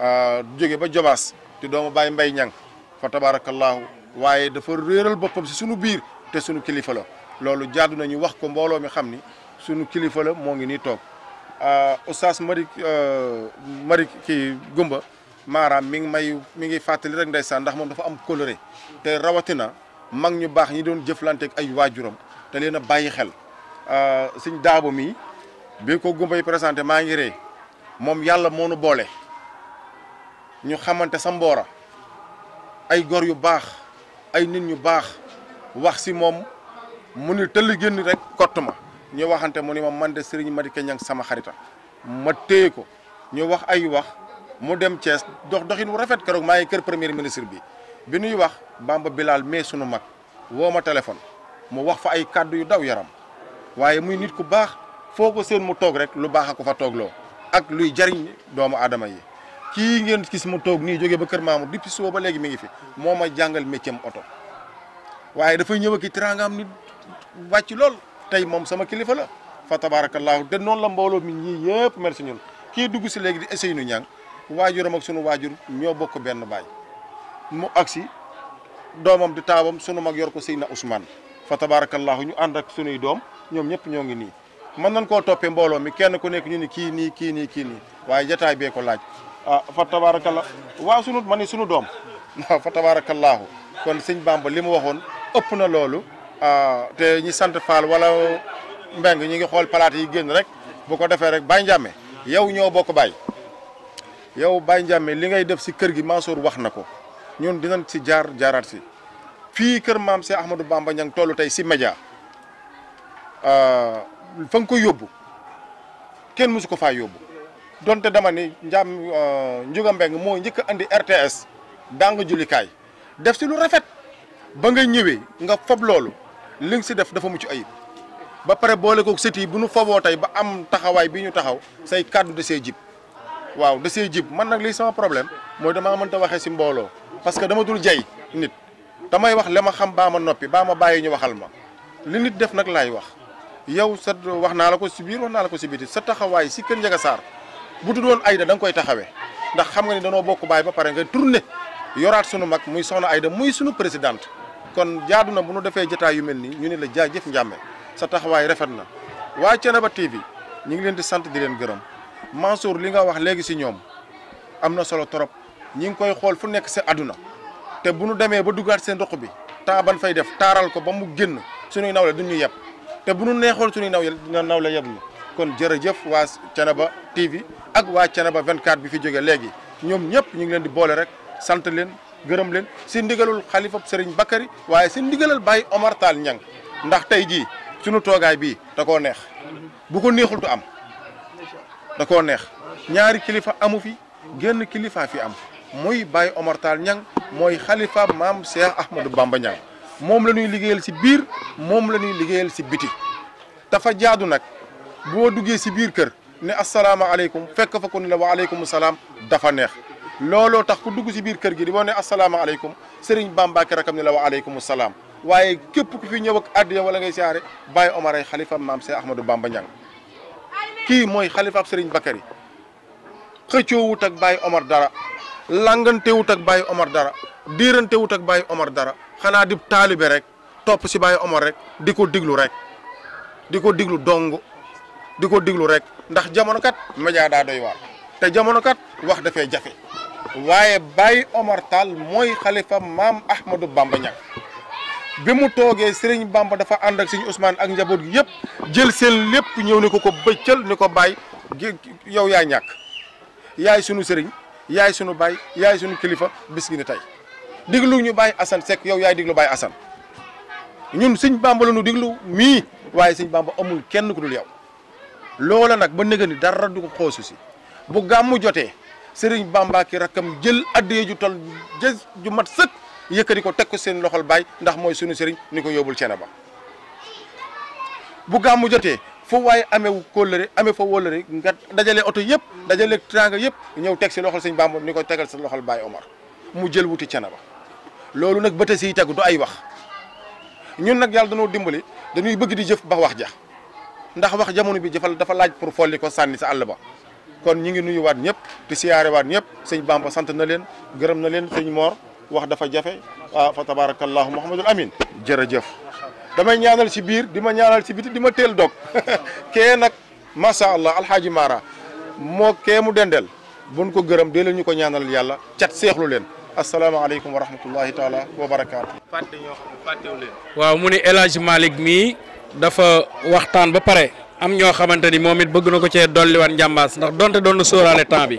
euh, jóge ba Jobaas di doomu baay Mbay Niang fa tabaarakallaahu waaye dafa réeral boppam si sunu biir te sunu kilifa la loolu na ñu wax ko mbooloo mi xam ni sunu kilifala moo ngi nii toog. Euh, oustaz mari euh, mari ki Gumba maaraam mi ngi may mi ngi fàttali rek ndeysaan ndax moom dafa am coloré te rawatina mag ñu baax ñi doon jëflanteek ay waajuram te leen a bàyyi xel euh, suñ daabo mi bi ko Gumba yi présenté maa ngi ree moom yàlla moo nu boole ñu xamante sa mboora ay gor yu baax ay nit ñu baax wax si moom mu ni tëll génn rek kott ma ñu waxante mu ni ma man de Serigne Madické Niang sama xarita ma téye ko ñu wax ay wax mu dem cees dox doxin wu rafet keroog maa ngi kër premier ministre bi bi ñuy wax Bamba Bilal mais sunu mag woo ma téléphone mu wax fa ay kàddu yu daw yaram waaye muy nit ku baax foo ko seen mu toog rek lu baax ko fa toog loo ak luy jariñ doomu aadama yi kii ngeen gis mu toog nii jóge ba kër maamu depuis suba ba léegi mi ngi fi moo ma jàngal métier oto waaye dafay ñëw ak i teraangaam ni lool tey moom sama kilifa la fa tabaarakallaahu de noonu la mbooloo mi ñii yëpp mer si ñun kii dugg si léegi di essayé nu ñàng waajuram ak sunu waajur ñoo bokk benn baay mu agsi doomam di taawam sunu mag yor ko na Ousmane fa tabaarakallaahu ñu ànd ak sunuy doom ñoom ñëpp ñoo ngi nii mën nañ koo toppee mbooloo mi kenn ku nekk ñu ni kii nii kii nii kii nii waaye jataay bee ko laaj ah waa sunu ma ni sunu doom waaw fa tabaarakallaahu kon sëñ Bamba li mu waxoon ëpp na loolu Ah, te ñi sant Fall wala Mbeng ñi ngi xool palaat yi génn rek bu ko defee rek Baye Ndiame yow ñoo bokk Baye yow Baye Ndiame li ngay def si kër gi Mansour wax na ko ñun dinañ si jaar jaaraat si fii kër maam si Ahmadou Bamba ña ngi tollu tey si média ah, fa nga koy yóbbu kenn mësu ko faa yóbbu donte dama ni njaam ah, Ndiouga Mbengue moo njëkk a andi RTS daa nga jullikaay def si lu rafet ba nga ñëwee nga fob loolu. li nga si def dafa mucc ayib ba pare boole kook sët bu nu foofoo tey ba am taxawaay bi ñu taxaw say kàddu da see jib waaw de see jib man nag lii sama problème mooy damaa mënta waxee si mbooloo parce que dama dul jay nit damay wax li ma xam baa ma noppi baa ma bàyyi ñu waxal ma li nit def nag laay wax yow sa wax naa la ko si biir wax naa la ko si biti sa taxawaay si kër Njaga Saar bu du doon Ayda da nga koy taxawee ndax xam nga ni danoo bokk baay ba pare nga tourné yoraat sunu mag muy soxna Ayda muy sunu présidente kon jaadu na bu nu defee jotaay yu mel nii ñu ne la jëf njàmme sa taxawaay rafet na waa Thiénaba TV ñu ngi leen di sant di leen gërëm Mansour li nga wax léegi si ñoom am na solo trop ñi ngi koy xool fu nekk si àdduna te bu nu demee ba duggaat seen dox bi taa ban fay def taaral ko ba mu génn suñuy nawle duñ ñu yeb te bu nu neexoon suñuy nawle dina nawle yeb ñu kon jërëjëf waa cene Thiénaba TV ak waa ba vingt 24 bi fi jóge léegi ñoom ñëpp ñu ngi leen di boole rek sant leen. gërëm leen si ndigalul xalifa Serigne Bakary waaye si ndigalal Baye Omar Tall Niang ndax tey jii sunu toogaay bi da koo neex bu ko neexul du am da koo neex ñaari kilifa amu fi génn kilifaa fi am muy bàyyi Omar ñaŋ mooy xalifa maam Cheikh Ahmadou Bamba Niang moom la ñuy liggéeyal si biir moom la ñuy liggéeyal si biti dafa jaadu nag boo duggee si biir kër ne asalaamaaleykum fekk fa ko ne la waaleykum salaam dafa neex looloo tax ku dugg si biir kër gi di moo ne asalaamaaleykum sëriñ Bamba ak rakam ni la wax aleykum salaam waaye képp ku fi ñëw ak addiya wala ngay siyaare Baye Omar ay xalifa maam Seex Ahmadou Bamba Ñang kii mooy xalifaab sëriñ Bakary xëccoowut ak Baye Omar dara langantewut ak Baye Omar dara diirantewut ak Baye Omar dara xanaa di taalibe rek topp si Baye Omar rek di ko diglu rek di ko diglu dong di ko diglu rek ndax jamono kat média daa doy te jamono kat wax dafay jafe. waaye bàyyi Omar Tall mooy xalifa maam Ahmadou Bamba Niang bi mu toogee Serigne bàmb dafa ànd ak Serigne Ousmane ak njaboot gi yëpp jël seen lépp ñëw ni ko ko bëccal ni ko Baye yow yaa ñàkk yaay sunu sëriñ yaay sunu Baye yaay sunu kilifa bis gi ni tey diglu ñu Baye Assane Seck yow yaay diglu Baye Assane ñun Serigne Bamba la ñu diglu mii waaye Serigne Bamba amul kenn ku dul yow loola nag ba nëgë ni dara du ko xoosu si bu gàmmu jotee. Serigne Bamba ki rakkam jël addiya ju tol jë ju mat sëkk yëkkati ko teg ko seen loxol baay ndax mooy sunu Serigne ni ko yóbbul cene ba bu gàmmu jotee foo waaye amee kóllëre amee fa wóllëre nga dajale oto yëpp dajale teraanga yëpp ñëw teg si loxol sëñ Bamba ni ko tegal sa loxol Baye Omar mu jël wuti cene ba loolu nag bëte si tegu doo ay wax ñun nag yàlla dañoo dimbali dañuy bëgg di jëf ba wax ja ndax wax jamono bi jëfal dafa laaj pour folli ko sànni sa àll kon ñi ngi nuyuwaat ñëpp di waat ñëpp sëñ Bamba sant na leen gërëm na leen sëñ Mor wax dafa jafe ah fa tabarakallahu Muhammadul Amin jërëjëf damay ñaanal si biir di ma ñaanal si biti di ma teel dog kee nag macha allah alhaaji Mara moo kee mu dendel buñ ko gërëm dee leen ñu ko ñaanal yàlla cat seexlu leen asalaamaaleykum wa rahmatullahi taala wa barakaatu. fàtte ñoo xam ne mu ni El Hadj Malick mii dafa waxtaan ba pare. am ñoo xamante ni moom it bëgg na ko cee dolliwaat njàmbaas ndax donte doon na sóoraale temps bi.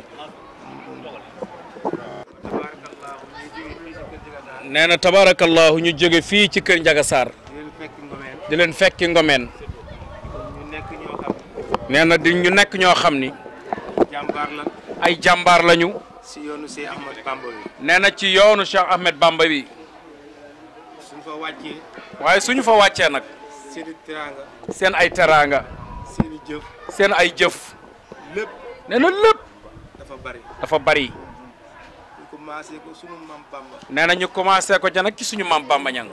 nee na tabaarakallaahu ñu jóge fii ci kër Ndiaga Sarr di leen fekki ngomeen nee na di ñu nekk ñoo xam ni ay jàmbaar lañu ci yoonu na ci yoonu Cheikh Ahmed Bamba bi suñ fa wàccee fa wàccee nag seen ay teraanga jëf seen ay jëf. lépp nee na lépp. dafa bari dafa bari. ñu commencé ko suñu nee na ñu commencé ko ca nag ci suñu maam Bamba ñang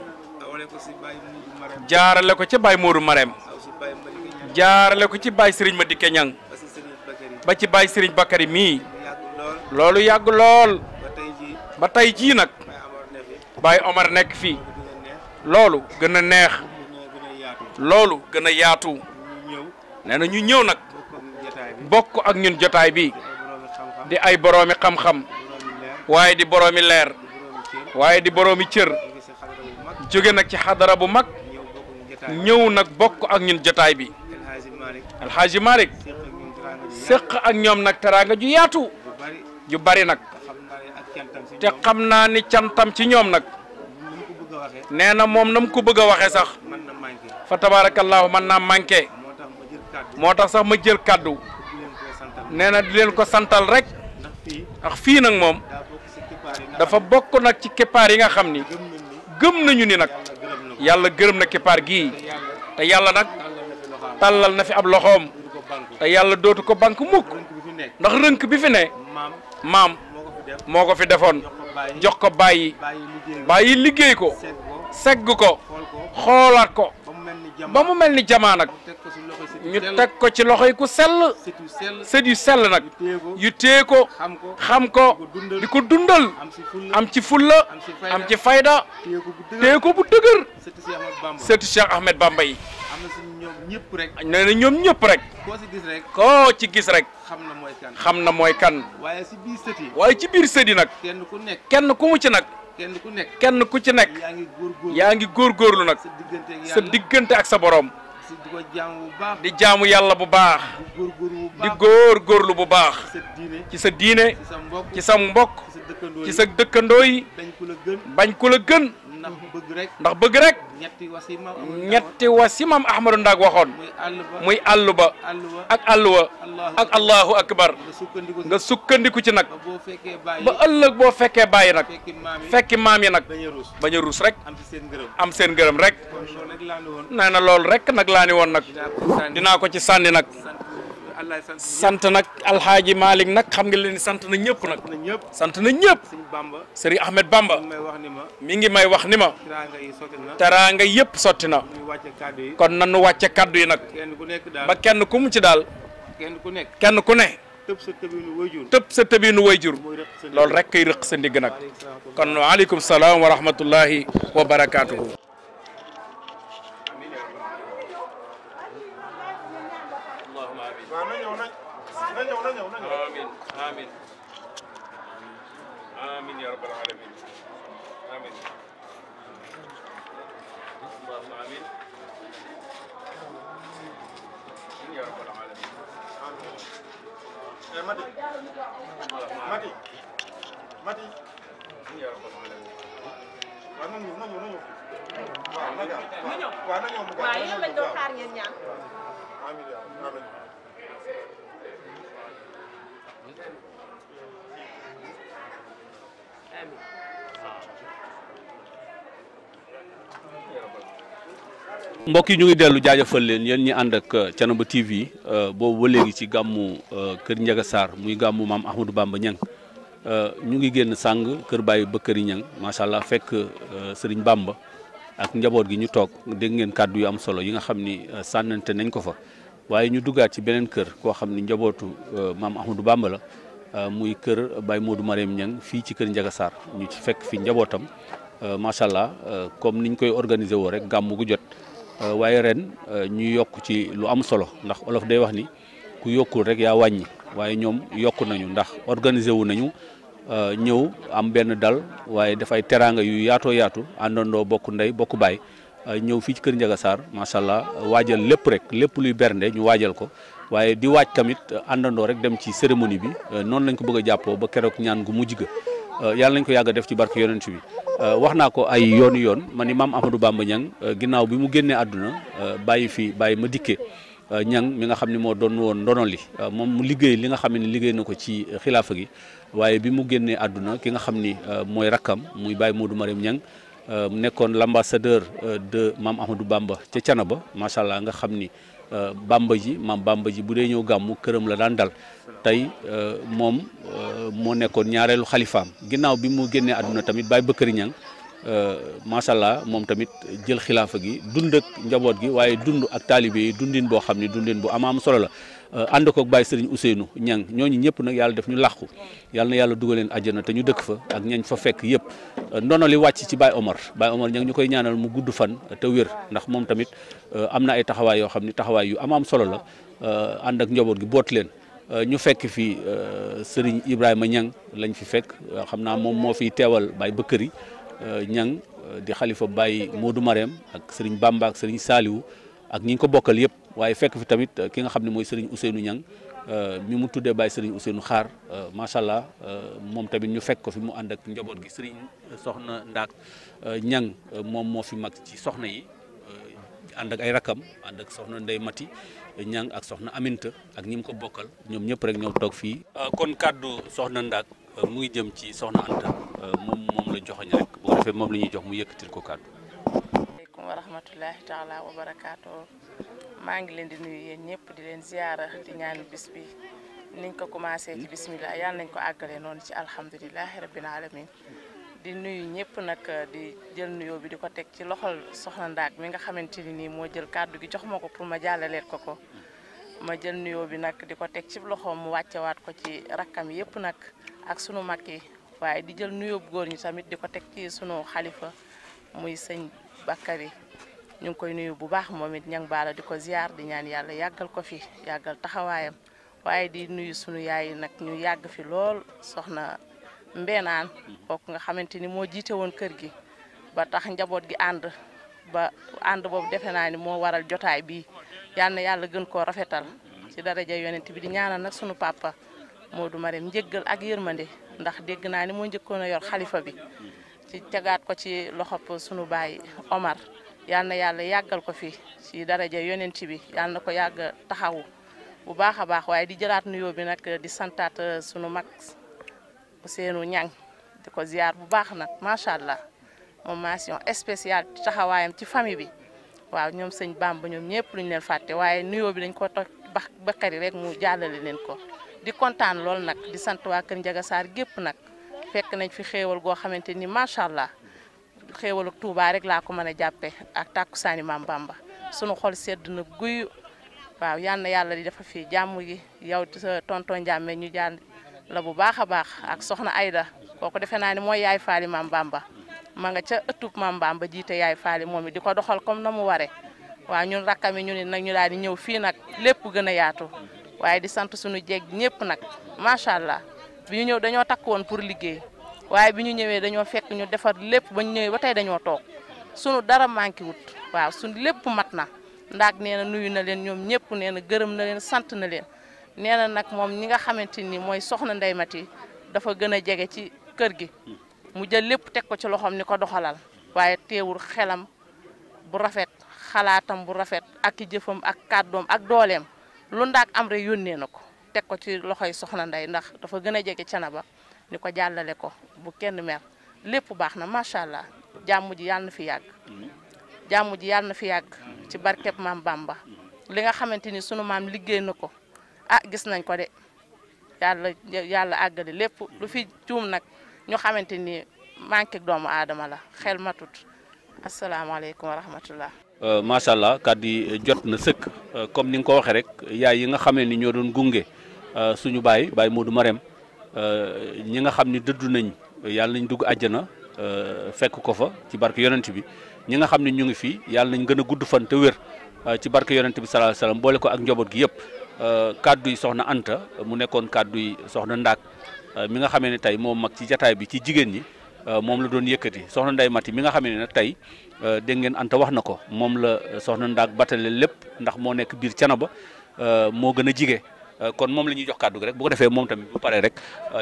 jaarale ko ci Baye Modou Marème. jaarale ko ci sëriñ Serigne Madické Niang. ba ci Baye sëriñ Bakary mii. loolu yàgg lool. ba tey jii nag. Baye Omar nekk fii. loolu gën a neex. loolu gën yaatu. nee na ñu ñëw nag bokk ak ñun jotaay bi di ay boroomi xam-xam waaye di boroomi leer waaye di boroomi cër jóge nag ci xadara bu mag ñëw nag bokk ak ñun jotaay bi alxaaji Malick séq ak ñoom nag teraanga ju yaatu ju bari nag te xam naa ni cantam ci ñoom nag nee na moom na mu ko bëgg a waxee sax fa tabaarakallaahu mën naa manqué moo tax sax ma jël kàddu nee na di leen ko santal rek ndax fii nag moom dafa bokk nag ci keppaar yi nga xam ni gëm nañu ni nag yàlla gërëm na keppaar gii te yàlla nag tàllal na fi ab loxoom te yàlla dootu ko bank mukk ndax rënk bi fi ne maam moo ko fi defoon jox ko bàyyi bàyyi liggéey ko segg ko xoolaat ko ba mu mel ni jamaa nag ñu teg ko ci loxo yi ku sell sët yu sell yu téye ko xam ko di ko dundal am ci fulla am ci fayda téye ko bu dëgër sëtu Cheikh Ahmed Bamba yi nee na ñoom ñëpp rek koo ci gis rek xam na mooy kan waaye ci biir sët yi nag kenn ku mu ci nag kenn ku nekk kenn ku ci nekk. yaa ngi góor góorlu nag. sa diggante ak sa boroom ak sa di jaamu yàlla bu baax. di góorlu bu baax. ci sa diine ci sa mbokk ci sa dëkkandoo yi. bañ ku la bañ ku la gën. ndax bëgg rek. ndax bëgg rek. ñetti wasi mam ñetti wasi mam Ahmadou Ndak waxoon. muy àll ba ak àll wa ak allahu akbar nga sukkandiku ci nag. ba ëllëg boo fekkee bàyyi nag. fekki maam yi nag. bañ a ruus rek. am seen gërëm rek. nee na loolu rek nag laa woon nag. dinaa ko ci sànni nag. sant nag alxaaji Malick nag xam nga leen sant na ñëpp nag. sant na ñëpp. seri Ahmed Bamba. mi ngi may wax ni ma. teraanga yëpp sotti na. kon nanu wàcce kàddu yi nag. ba kenn ku mu ci daal. kenn ku nekk kenn ku ne. tëb sa tëbiinu wayjur tëb sa tëbiinu wayjur loolu rek kay rëq sa ndigg nag kon waaleykum salaam wa rahmatullahi wa barakaatuhu. na ñëw na ñëw na ñëw amiin amiin amiin ya rabbal alamin amiin allahumma amiin ya rabbal alamin amiin eh, mati mati mati ya rabbal alamin waaw na ñëw na ñëw na ñëw waaw na ñëw waaw na ñëw waaw yéen lañ doon xaar ngeen ñaan mbokk yi ñu ngi dellu jaajëfal leen yéen ñi ànd ak uh, Thiénaba TV uh, boobu ba léegi ci gàmmu uh, kër Ndiaga Sarr muy gàmmu maam Ahmadou Bamba Niang ñu ngi génn sàng kër bàyyi Baye Bakary Niang macha allah fekk sëriñ bàmba ak njaboot gi ñu toog dégg ngeen kàddu yi am solo yi nga xam ni sànnante nañ ko fa waaye ñu duggaat ci beneen kër koo xam ni njabootu maam Ahmadou Bamba la. Euh, muy kër Baye Modou Mariam Niang fii ci kër Ndiaga Sarr ñu ci fekk fi njabootam euh, macha allah euh, comme niñ koy organiser woo rek gàmm gu jot waaye ren ñu yokk ci lu am solo ndax olof day wax ni ku yokkul rek yaa wàññi waaye ñoom yokk nañu ndax organiser wu nañu ñëw am benn dal waaye dafay teraanga yu yaatoo yaatu àndandoo bokk ndey bokk baay ñëw fii ci kër Ndiaga Sarr macha allah waajal lépp rek lépp luy bernde ñu waajal ko. waaye di waaj tamit euh, àndandoo rek dem ci cérémonie bi euh, noonu lañ ko bëgg a jàppoo ba keroog ñaan gu mujj ga euh, yàlla nañ ko yàgg a def ci barke yonent bi wax naa ko ay yooni yoon ma ni maam Amadou Bamba Niang ginnaaw bi mu génnee àdduna bàyyi fi bàyyi ma dikkee Niang mi nga xam ne moo doon woon ndono li moom mu liggéey li nga xam ne liggéey na ko ci xilaafa gi waaye bi mu génnee àdduna ki nga xam ni mooy rakkam muy bàyyi Baye Modou Mariam Niang nekkoon l' ambassadeur de maam Amadou Bamba ca macha allah nga xam ni. Euh, bamba ji maam ji bu dee ñëw gàmmu këram la daan dal tey euh, moom euh, moo nekkoon ñaareelu xalifaam ginnaaw bi mu génnee àdduna tamit Baye Bëkkëri Ñang macha allah moom tamit jël xilaafa gi dund ak njaboot gi waaye dund ak taalibe yi dundin boo xam ne dundin bu am solo la Euh, ànd koog Baye Serigne Ousseynou Niang ñooñu ñëpp nag yàlla def ñu làqu yàlla na yàlla dugal leen àjjana te ñu dëkk fa ak ñañ fa fekk yëpp euh, ndono li wàcc ci Baye Omar Baye Omar Niang ñu koy ñaanal mu gudd fan te wér ndax moom tamit euh, am na ay taxawaay yoo xam ne taxawaay yu am am solo la ànd ak njoboot gi boot leen. ñu fekk fi Serigne Ibrahima Niang lañ fi fekk xam naa moom moo fiy teewal Baye Bëkkëri Niang di xalifa moo du Marème ak Serigne Bamba ak Serigne Saliou. ak ñi ñu ko bokkal yëpp waaye fekk fi tamit euh, ki nga xam ne mooy Serigne Ousseynou Niang euh, mi mu tuddee Baye Serigne Ousseynou Xaar euh, macha allah moom tamit ñu fekk ko fi mu ànd ak njaboot gi Serigne Soxna Ndaak Niang moom moo fi mag ci soxna yi ànd ak ay rakam ànd ak soxna Ndey Mati Niang ak soxna Aminta ak ñi mu ko bokkal ñoom ñëpp rek ñoo toog fii. kon kàddu soxna Ndaak mu ngi jëm ci soxna Anta moom la joxoñ rek bu ko defee moom la ñuy jox mu yëkkatil ko kàddu. aleykum wa rahmatullahi taala wa barakaatu maa ngi leen di nuyu yéen ñëpp di leen ziyaara di ñaan bisbi bi niñ ko commencé ci bismillah yàlla nañ ko àggale noonu ci alhamdulilahi rabbil alamin di nuyu ñëpp nag di jël nuyoo bi di ko teg ci loxol soxna mi nga xamante ni nii moo jël kàddu gi jox ma ko pour ma jàllaleel ko ko ma jël nuyoo bi nag di ko teg ci loxoom mu wàccewaat ko ci rakkam yëpp nag ak sunu mag yi waaye di jël nuyoo góor ñi tamit di ko teg ci sunu xalifa muy sëñ bi ñu ngi koy nuyu bu baax moom it ñang baala di ko ziar di ñaan yàlla yàggal ko fi yàggal taxawaayam waaye di nuyu sunu yaay nag ñu yàgg fi lool soxna mbeenaan kooku nga xamante ni moo jiite woon kër gi ba tax njaboot gi ànd ba ànd boobu defe naa ni moo waral jotaay bi yal na yàlla gën koo rafetal ci daraja yonent bi di ñaanal nag sunu moo du Marème njëgal ak yërmande ndax dégg naa ni moo njëkkoon a yor xalifa bi ci tegaat ko ci loxop sunu baay Omar yal na yàlla yàggal ko fi ci daraja yonent bi yal na ko yàgg taxawu bu baax a baax waaye di jalaat nuyoo bi nag di santaat euh, sunu mag Ousseynou Niang di ko ziar bu baax nag macha allah moom mention spéciale taxawaayam ci famille bi waaw ñoom sëñ Bamba ñoom ñëpp luñ leen fàtte waaye nuyoo bi dañ ko toog ba Bakary rek mu jàllale leen ko di kontaan lool nag di sant waa Kër Ndiaga Sarr gépp nag. fekk nañ fi xéewal goo xamante ni macha allah xéewalu Touba rek laa ko mën a jàppe ak tàkkusaani maam Bamba sunu xol sedd na guyu waaw yal na yàlla di dafa fii jàmm gi yow sa tonton Ndiame ñu jàll la bu baax a baax ak soxna Ayda kooku defe naa ni mooy yaay faali maam Bamba ma nga ca ëttub maam Bamba jiite yaay faali moom di ko doxal comme na mu waree waaw ñun rakkami ñu ne nag ñu daal di ñëw fii nag lépp gën a yaatu waaye di sant sunu jeeg ñëpp nag macha allah. bi ñu ñëw dañoo takk woon pour liggéey waaye bi ñu ñëwee dañoo fekk ñu defar lépp ba ñu ñëwee ba tey dañoo toog sunu dara manqué wut waaw sunu lépp mat na ndaag nee na nuyu na leen ñoom ñëpp nee na gërëm na leen sant na leen nee na nag moom ñi nga xamante ni mooy soxna Ndeye Maty dafa gën a jege ci kër gi mu jël lépp teg ko ci loxoom ni ko doxalal waaye teewul xelam bu rafet xalaatam bu rafet ak i jëfam ak kàddoom ak dooleem lu ndaag am rek yónnee na ko teg ko ci loxoy soxna Ndey ndax dafa gën a jege Canaba ni ko jàllale ko bu kenn mer lépp baax na macha allah jàmm ji yàlla na fi yàgg. jàmm ji yàlla na fi yàgg ci barkeb maam Bamba li nga xamante ni sunu maam liggéey na ko ah gis nañ ko de yàlla yàlla àggali lépp lu fi juum nag ñu xamante ni manqué doomu aadama la xel matut asalaamaaleykum wa rahmatullah Euh, macha allah kàddu yi jot na sëkk euh, comme ni nga ko waxee rek yaay yi nga xamee ni ñoo doon gunge euh, suñu baay baay Modou Marème ñi nga xam ni dëddu nañ yàlla nañ dugg àjjana fekk ko fa ci barke yonent bi ñi nga xam ne ñu ngi fii yàlla nañ gën a gudd fan wér ci barke yonent bi sallallahu alayhi wasallam boole ko ak njaboot gi yëpp kàddu yi soxna Anta mu nekkoon kàddu yi soxna Ndaak mi nga xamee ne tey moom mag ci jataay bi ci jigéen ñi. Euh, moom la doon yëkkati soxna Ndeye Mati mi nga xam ne nag tey euh, dégg Anta wax na ko moom la euh, soxna Ndaak batale lépp ndax moo nekk biir Thiénaba moo gën a jige kon moom la ñuy jox kàddu gi rek bu ko defee moom tamit bu pare rek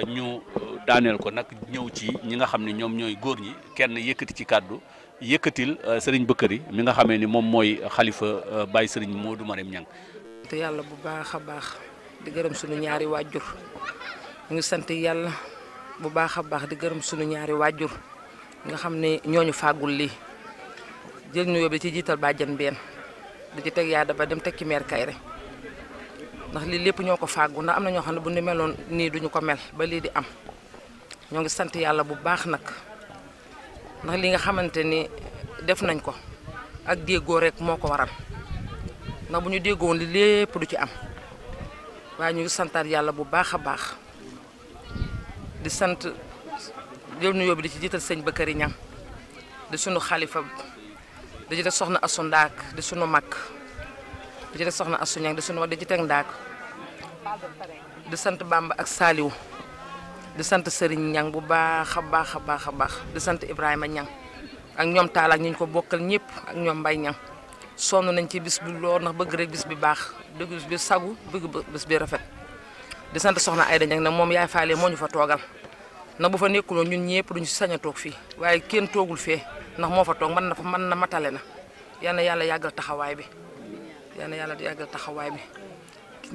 ñu daaneel ko nag ñëw ci ñi nga xam ne ñoom ñooy góor ñi kenn yëkkati ci kàddu yëkkatil sëriñ Bëkkëri mi nga xamee ni moom mooy xalifa Baye sëriñ Modou Marème Niang. sant yàlla bu baax a baax di gërëm suñu ñaari waajur ñu ngi bu baax a baax di gërëm suñu ñaari waajur nga xam ne ñu fàggul lii jël nu yóbbu ci jiital bàjjan benn di ci teg yaa daba dem teg ci meer kay rek ndax lii lépp ñoo ko fàggu ndax am na ñoo xam ne bu ñu meloon nii duñu ko mel ba lii di am ñoo ngi sant yàlla bu baax nag ndax li nga xamante ni def nañ ko ak déggoo moo ko waral ndax bu ñu déggoon li lépp du ci am waaye ñu ngi santaat yàlla bu baax a baax di sant jël nuyoo bi di ci jiital sëñ Bakary Niang di sunu xalifa di ci def soxna asu ndaak di sunu mag di ci soxna asu ñang di sunu mag di ci teg ndaak di sant bàmb ak Saliou di sant sëriñ ñaŋ bu baax a baax a baax a baax di sant Ibrahima ñaŋ ak ñoom taal ak ñu ko bokkal ñëpp ak ñoom Mbaye Niang sonn nañ ci bis bi lool ndax bëgg rek bis bi baax bëgg bis bi sagu bëgg bis bi rafet di sant soxna Ayda Ñang nag moom yaay faale moo ñu fa toogal na bu fa nekkuloon ñun ñëpp duñu si sañ toog fii waaye kenn toogul fee ndax moo fa toog mën na fa mën na matale na yal na yàlla yàggal taxawaay bi yal na yàlla yàggal taxawaay bi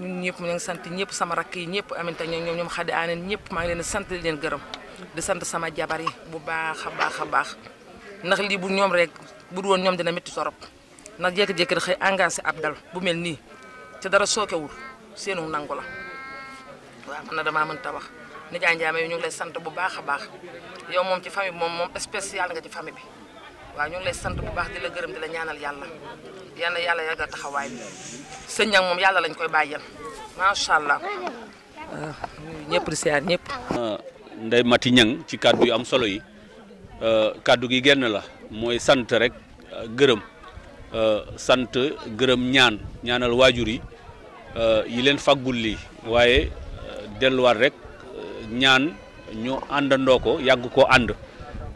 ñun ñëpp ñu sant ñëpp sama rakk yi ñëpp aminte ñoom ñoom ñoom xadi aaneen ñëpp maa ngi leen sant di leen gërëm di sant sama jabar yi bu baax a baax a baax ndax lii bu ñoom rek bu woon ñoom dina métti torop ndax jékki-jékki da xëy engagé ab dal bu mel nii te dara sookewul seenu nangu la waa man na damaa mënta wax nijaay njaame bi bu baax a baax yow moom ci famille moom moom spécial nga ci famille bi waaw ñu ngi sant bu baax di gërëm la ñaanal yàlla yal na yàlla yàggal taxawaay bi sëñ yàlla lañ koy bàyyal macha allah. Ah, ñëpp di siyaar ñëpp. Ah, Ndeye Mati Niang ci kàddu yu am solo yi ah, kàddu gi genn la mooy sant rek gërëm sant gërëm ñaan ñaanal waajur yi leen faggul lii waaye. delluwaat rek euh, ñaan ñu àndandoo ko yàgg koo ànd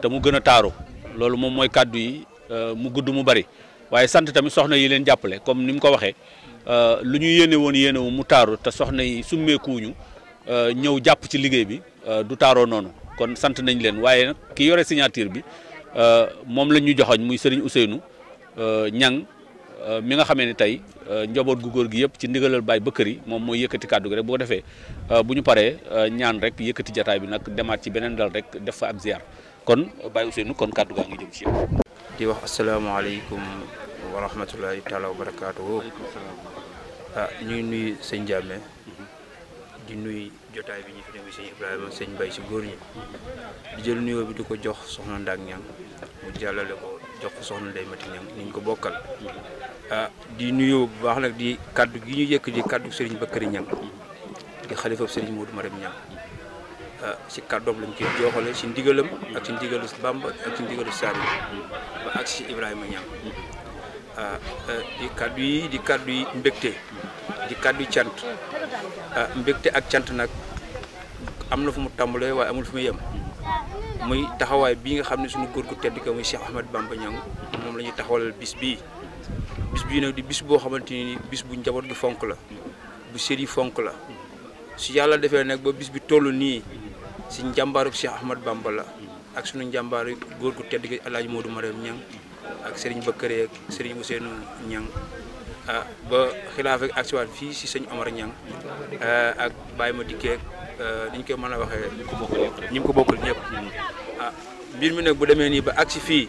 te mu gën a taaru loolu moom mooy kàddu yi euh, mu gudd mu bari waaye sant tamit soxna yi leen jàppale comme ni mu ko waxee euh, lu ñu yéene woon yéene mu taaru te soxna yi summeekuuñu ñëw jàpp ci liggéey bi du taaroo noonu kon sant nañ leen waaye nag ki yore signature bi moom la ñu joxoñ muy Serigne Ousseynou Niang Euh, mi nga xamee ne tey euh, njaboot gu góor gi yëpp ci ndigalal baay bëkkër yi moom mooy yëkkati kàddu gi rek bu defee euh, bu ñu paree ñaan rek yëkkati jataay bi nag demaat ci beneen dal rek def fa ab ziar kon Baye Ousseynou kon kàddu gaa di wax asalaamaaleykum wa rahmatulahi taala wa barakaatu. ah ñu ngi nuyu sëñ mm-hmm. di nuyu jotaay bi ñu fi demee sëñ Ibrahima sëñ góor ñi di jël nuyoo bi du ko jox soxna Ndak Ñang mu jàllale ko jox ko soxna Ndeye Mati Ñang ko bokkal mm-hmm. Ah, di nuyoo bu baax nag di kaddu gi ñu yëkk di kaddu Serigne Bakary Niang di xalifa Serigne Modou Maram Niang si ah, kaddoom lañ koy joxale si ndigalam ak si ndigalu Bamba ak si ndigalu Sary ba ak si Ibrahima Niang ah, di kaddu yi di kaddu yi di kaddu yi cant mbégte ak cant nag am na fu mu tàmbalee waaye amul fu mu yem muy taxawaay bii nga xam ne suñu góor gu tedd ka muy Cheikh Ahmed Bamba Niang moom la ñuy taxawalal bis bii bis bii nag di bis boo xamante ni bis bu njaboot gi fonk la bu sër fonk la si yàlla defee nag ba bis bi toll nii si njàmbaaru Cheikh Ahmad Bamba ak sunu njàmbaaru góor gu tedd gi El Hadj Modou Mariam Niang ak Serigne Bakary ak Serigne Ousseynou Niang ah ba xilaaf ak agsiwaat fii si sëñ Omar Niang ah, ak baay ma dikkee ah, ni ñu koy mën a waxee. ñi ko bokkal ñëpp ah. mbir mu nag bu demee nii ba agsi fii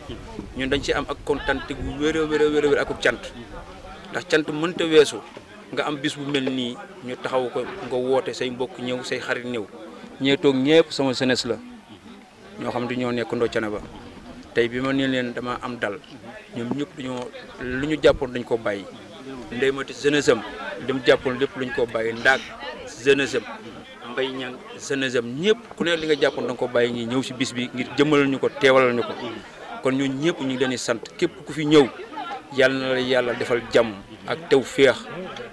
ñun dañ ci am ak kontante gu wér a wér a akub cant ndax cant mënta weesu nga am bis bu mel nii ñu taxaw ko nga woote say mbokk ñëw say xarit ñëw ñee toog ñëpp sama jeunesse la ñoo xam ne ñoo nekk ndoo cana ba tey bi ma ne leen dama am dal ñoom ñëpp dañoo lu ñu jàppoon dañ ko bàyyi ndey mati jeunesse am dem jàppoon lépp luñ koo bay ndaag jeunesse mbay jeunesse am ñëpp ku ne li nga jàppoon da nga ko bàyyi ñi ñëw si bis bi ngir jëmmalal ñu ko teewalal ñu ko kon ñun ñëpp ñu ngi leen di sant képp ku fi ñëw yàlla na la yàlla defal jàmm ak tew féex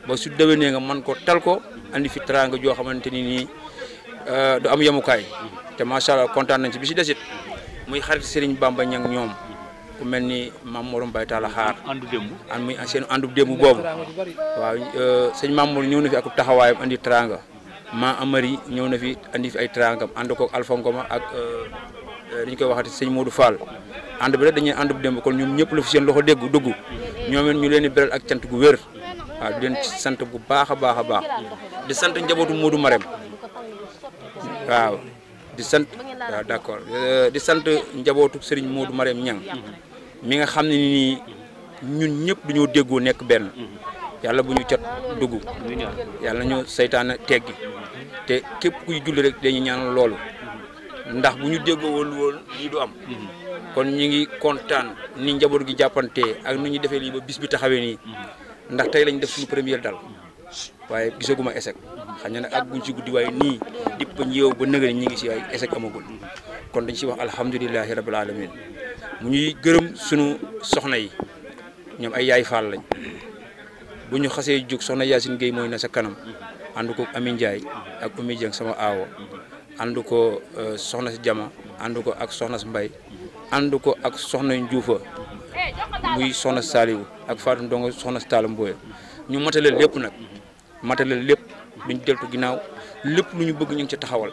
ba su déwénee nga man ko tal ko andi fi teraanga joo xamante ni nii euh, du am yemukaay te macha allah kontaan nañ ci bi si desit muy xarit Serigne Bamba ñang ñoom ku mel ni maam Moroom Baye Talla xaar. andu démb muy seen andu démb boobu. waaw euh, sëñ Maam Mor ñëw na fi ak taxawaayam andi teraanga. ma Amary ñëw na fi andi fi ay trangam ànd ko Alpha ak euh, euh, li ñu koy waxati sëñ moodu Fall ànd bi rek dañuy ànd bu kon ñoom ñëpp la fi seen loxo dégg dugg ñoom it leen di beral ak cant gu wér waaw di sant bu baax a baax a baax di sant njabootu Modou Marème waaw di sant waaw d'accord euh, di sant njabootu Serigne Modou Marème Niang mi nga xam ne nii ñun ñëpp dañoo déggoo nekk benn. yàlla bu ñu cat dugg yàlla ñu seytaane teggi te képp kuy julli rek dañu ñaan loolu ndax bu ñu déggoo woon woon lii du am kon ñu ngi kontaan ni njaboot gi jàppantee ak nu ñu defee lii ba bis bi taxawee nii ndax tey lañ def suñu premier dal waaye gisaguma échec xam ne nag ak guñ ci guddi waaye nii di ba ñëw ba nëgëri ñi ngi si ay échec amagul kon dañ si wax alhamdulilahi rabbil alamin mu ñuy gërëm suñu soxna yi ñoom ay yaay faal lañ bu ñu xasee jóg soxna Yacine Gueye mooy na sa kanam ànd ko Ami ak Oumy Dieng sama aawo ànd ko euh, soxna si Jama ànd ko ak soxna si mbay ànd ko ak soxna Ndioufa muy soxna Saliou ak Fatou Ndongo soxna si Talla Mboye ñu matale lépp nag matale lépp duñ deltu ginnaaw lépp lu ñu bëgg ñu ngi ci taxawal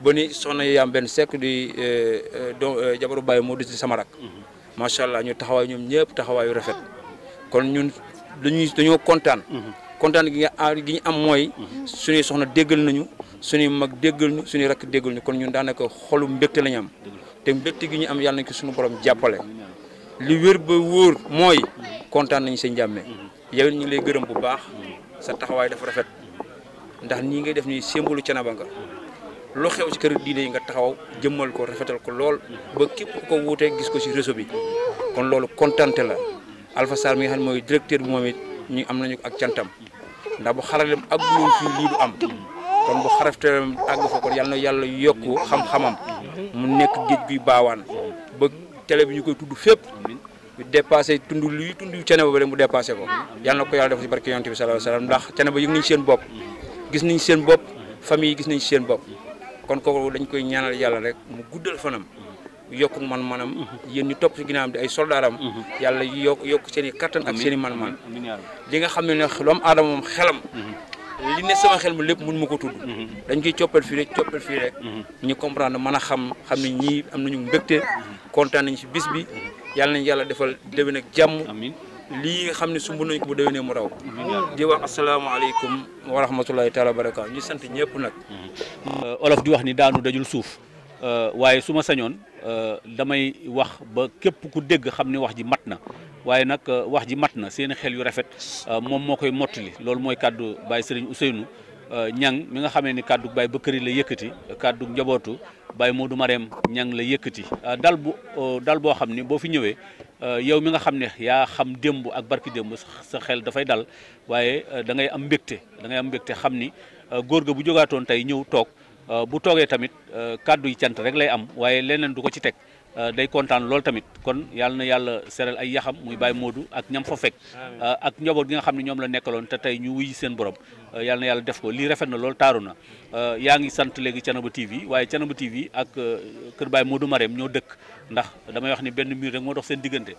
ba ni soxna yaam benn sekk di euh, euh, do jabaru Baye moo di sama rak mm-hmm. macha allah ñu taxawaay ñoom ñëpp taxawaayu rafet kon ñun dañuy dañoo kontaan. Mhm. kontaan gi nga gi ñu am mooy. Mhm. suñuy soxna déggal nañu suñuy mag déggal ñu suñuy rakk déggal ñu kon ñun daanaka xolu mbégte la ñu am. te mbégte gi ñu am yàlla nañ ko suñu borom jàppale. li wér ba wóor mooy kontaan nañu sa njàmme. Mhm. yow ñu ngi lay gërëm bu baax. sa taxawaay dafa rafet. ndax nii ngay def nii sémbalu Canaba nga. lu xew ci kër diine yi nga taxaw jëmmal ko rafetal ko lool. ba képp ko wutee gis ko si réseau bi. kon loolu kontaante la. Alpha Sarr mi xam ne mooy directeur bi moom it ñu am nañu ak cantam ndax bu xaralem ak loolu fii lii du am kon bu xarafteem àgg fa kon yàlla yàlla yokk xam-xamam nekk géej guy baawaan ba télé bi ñu koy tudd fépp mu dépassé tund luy tund yu cene ba mu dépassé ko yàlla na ko yàlla def ci barke yonte bi sallallahu alayhi wasallam ndax cene ba yëg nañ seen bopp gis nañ seen bopp famille gis nañ seen bopp kon kooku dañ koy ñaanal yàlla rek mu guddal fanam yokku man-manam mhm. yéen ñu topp ci am di ay soldaaram mhm. yàlla yokk yokk seen i kattan ak seen i man-man li nga xam ne ne doomu aadama moom xelam mhm. li ne sama xel mu lépp mun ma ko tudd dañ koy coppal fii rek coppal fii rek ñu comprendre mën a xam xam ne ñii am nañu mbégte kontaan nañ si bis bi yàlla nañ yàlla defal déwén ak jàmm lii nga xam ne sumb nañ ko bu déwénee mu raw di wax asalaamaaleykum wa rahmatulahi taala wa barakaatu ñu sant ñëpp nag euh, olof di wax ni daanu dajul suuf euh, waaye su ma sañoon Euh, damay wax ba képp ku dégg xam ni wax ji mat na waaye nag euh, wax ji mat na seen xel yu rafet euh, moom moo koy mottali loolu mooy kàddu Baye sëriñ Ousseynou ñang mi nga xamee ni kàddu ba Bakary la yëkkati kàddu njabootu Baye Modou Marème ñang la yëkkati dal bu dal boo xam ni boo fi ñëwee yow mi nga xam ne yaa xam démb ak barki démb sa xel dafay dal waaye da ngay am mbégte da am mbégte xam ni góor ga bu jógaatoon tey ñëw toog Euh, bu toogee tamit euh, kàddu yi cant rek lay am waaye leneen du ko ci teg euh, day kontaan lool tamit kon yàlla na yàlla seral ay yaxam muy Baye Modou ak ñam fa fekk ak njoboot gi nga xam ne ñoom la nekkaloon te tey ñu wuy seen borom yàlla na yàlla def ko lii rafet na lool taaru na yaa ngi sant léegi Thiénaba TV waaye Thiénaba TV ak kër Baye Modou Marème ñoo dëkk ndax damay wax ni benn mur rek moo dox seen diggante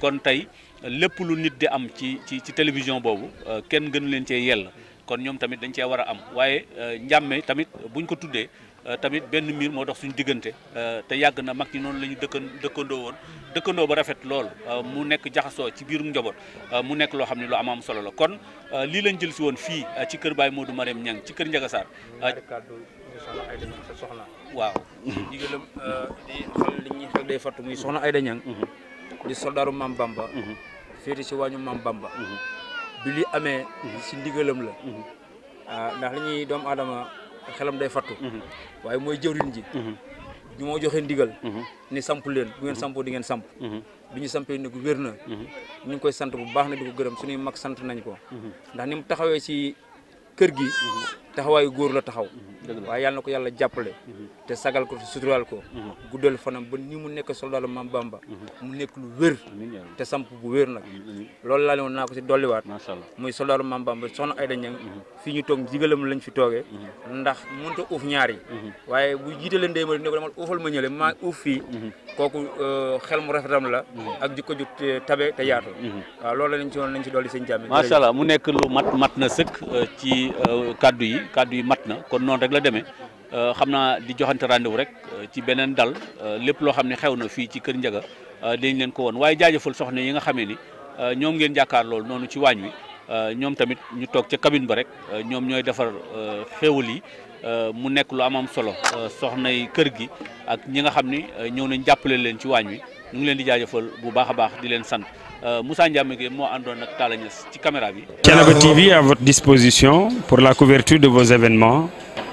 kon tey lépp lu nit di am ci ci ci télévision boobu kenn gënu leen cee yell kon ñoom tamit dañ cee war a am waaye euh, njàmme tamit buñ ko tuddee euh, tamit benn miir moo dox suñu diggante euh, te yàgg na mag ñi noonu la ñu dëkkandoo woon dëkkandoo ba rafet lool mu nekk jaxasoo ci biirum njaboot mu nekk loo xam ne lu am am solo la kon lii lañ jël si woon fii ci kër baay Baye Modou Marème Niang ci kër Ndiaga Sarr waaw jigéenam di xal li ñuy xel day fàttu muy soxna Aïda Niang mm-hmm. di soldaaru Maam Bamba mm-hmm. bi li amee si mhm. ndigalam la mhm. ah, ndax li ñuy doomu aadama xelam day fattu mhm. waaye mooy jëwriñ ji ñu moo joxe ndigal ni samp leen bu ngeen sampoo di ngeen samp bi ñu sampee ni ko wér na ñu ngi koy sant bu baax na di ko gërëm suñuy sant nañ ko ndax ni mu taxawee si kër gi taxawaayu góor la taxaw waaye yàlla na ko yàlla jàppale mhm. te sagal ko te suturaal ko mhm. guddal fanam ba ni mu nekk soldaalu Maam Bamba mhm. mu nekk lu wér te samp bu wér nag loolu laa leen naa ko si dolliwaat muy soldaalu Maam Bamba soxna Ayda Ñang fii ñu toog jigalam lañ fi toogee ndax mënta uuf ñaar yi waaye bu jiitalee ndey ma ne ko demal uufal ma ñële maa uuf fii kooku euh, xel mu rafetam la ak jikko ju tabe te yaatu waaw loolu lañ ci woon lañ ci dolli seen jàmm macha allah mu nekk lu mat mat na euh, ci euh, kaddu yi kàddu yi mat na kon noonu rek la demee euh, xam naa di joxante rendez-vous rek euh, ci beneen dal euh, lépp loo xam ne xew na fii ci Kër Njaga dañ leen ko woon waaye jaajëfal soxna yi nga xamee ni ñoom ngeen jàkkaar loolu noonu ci waañ wi ñoom tamit ñu toog ca cabine ba rek ñoom ñooy defar xéewal yi mu nekk lu amam solo soxna yi kër gi ak ñi nga xam ni ñëw nañ jàppale leen ci waañ wi ñu ngi leen di jaajëfal bu baax a baax di leen sant Euh, Moussa Ndiamé moo àndoon ak Talla Niass ci caméra bi. Thiénaba TV à votre disposition pour la couverture de vos événements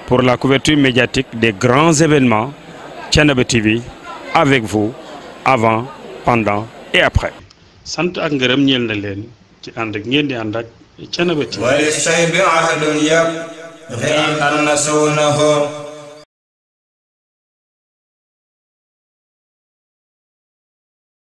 pour la couverture médiatique des grands événements Thiénaba TV avec vous avant pendant et après. sant ak ngërëm ñeel na leen ci ànd ak ngeen di ànd ak TV. wala say bi ahadun yab.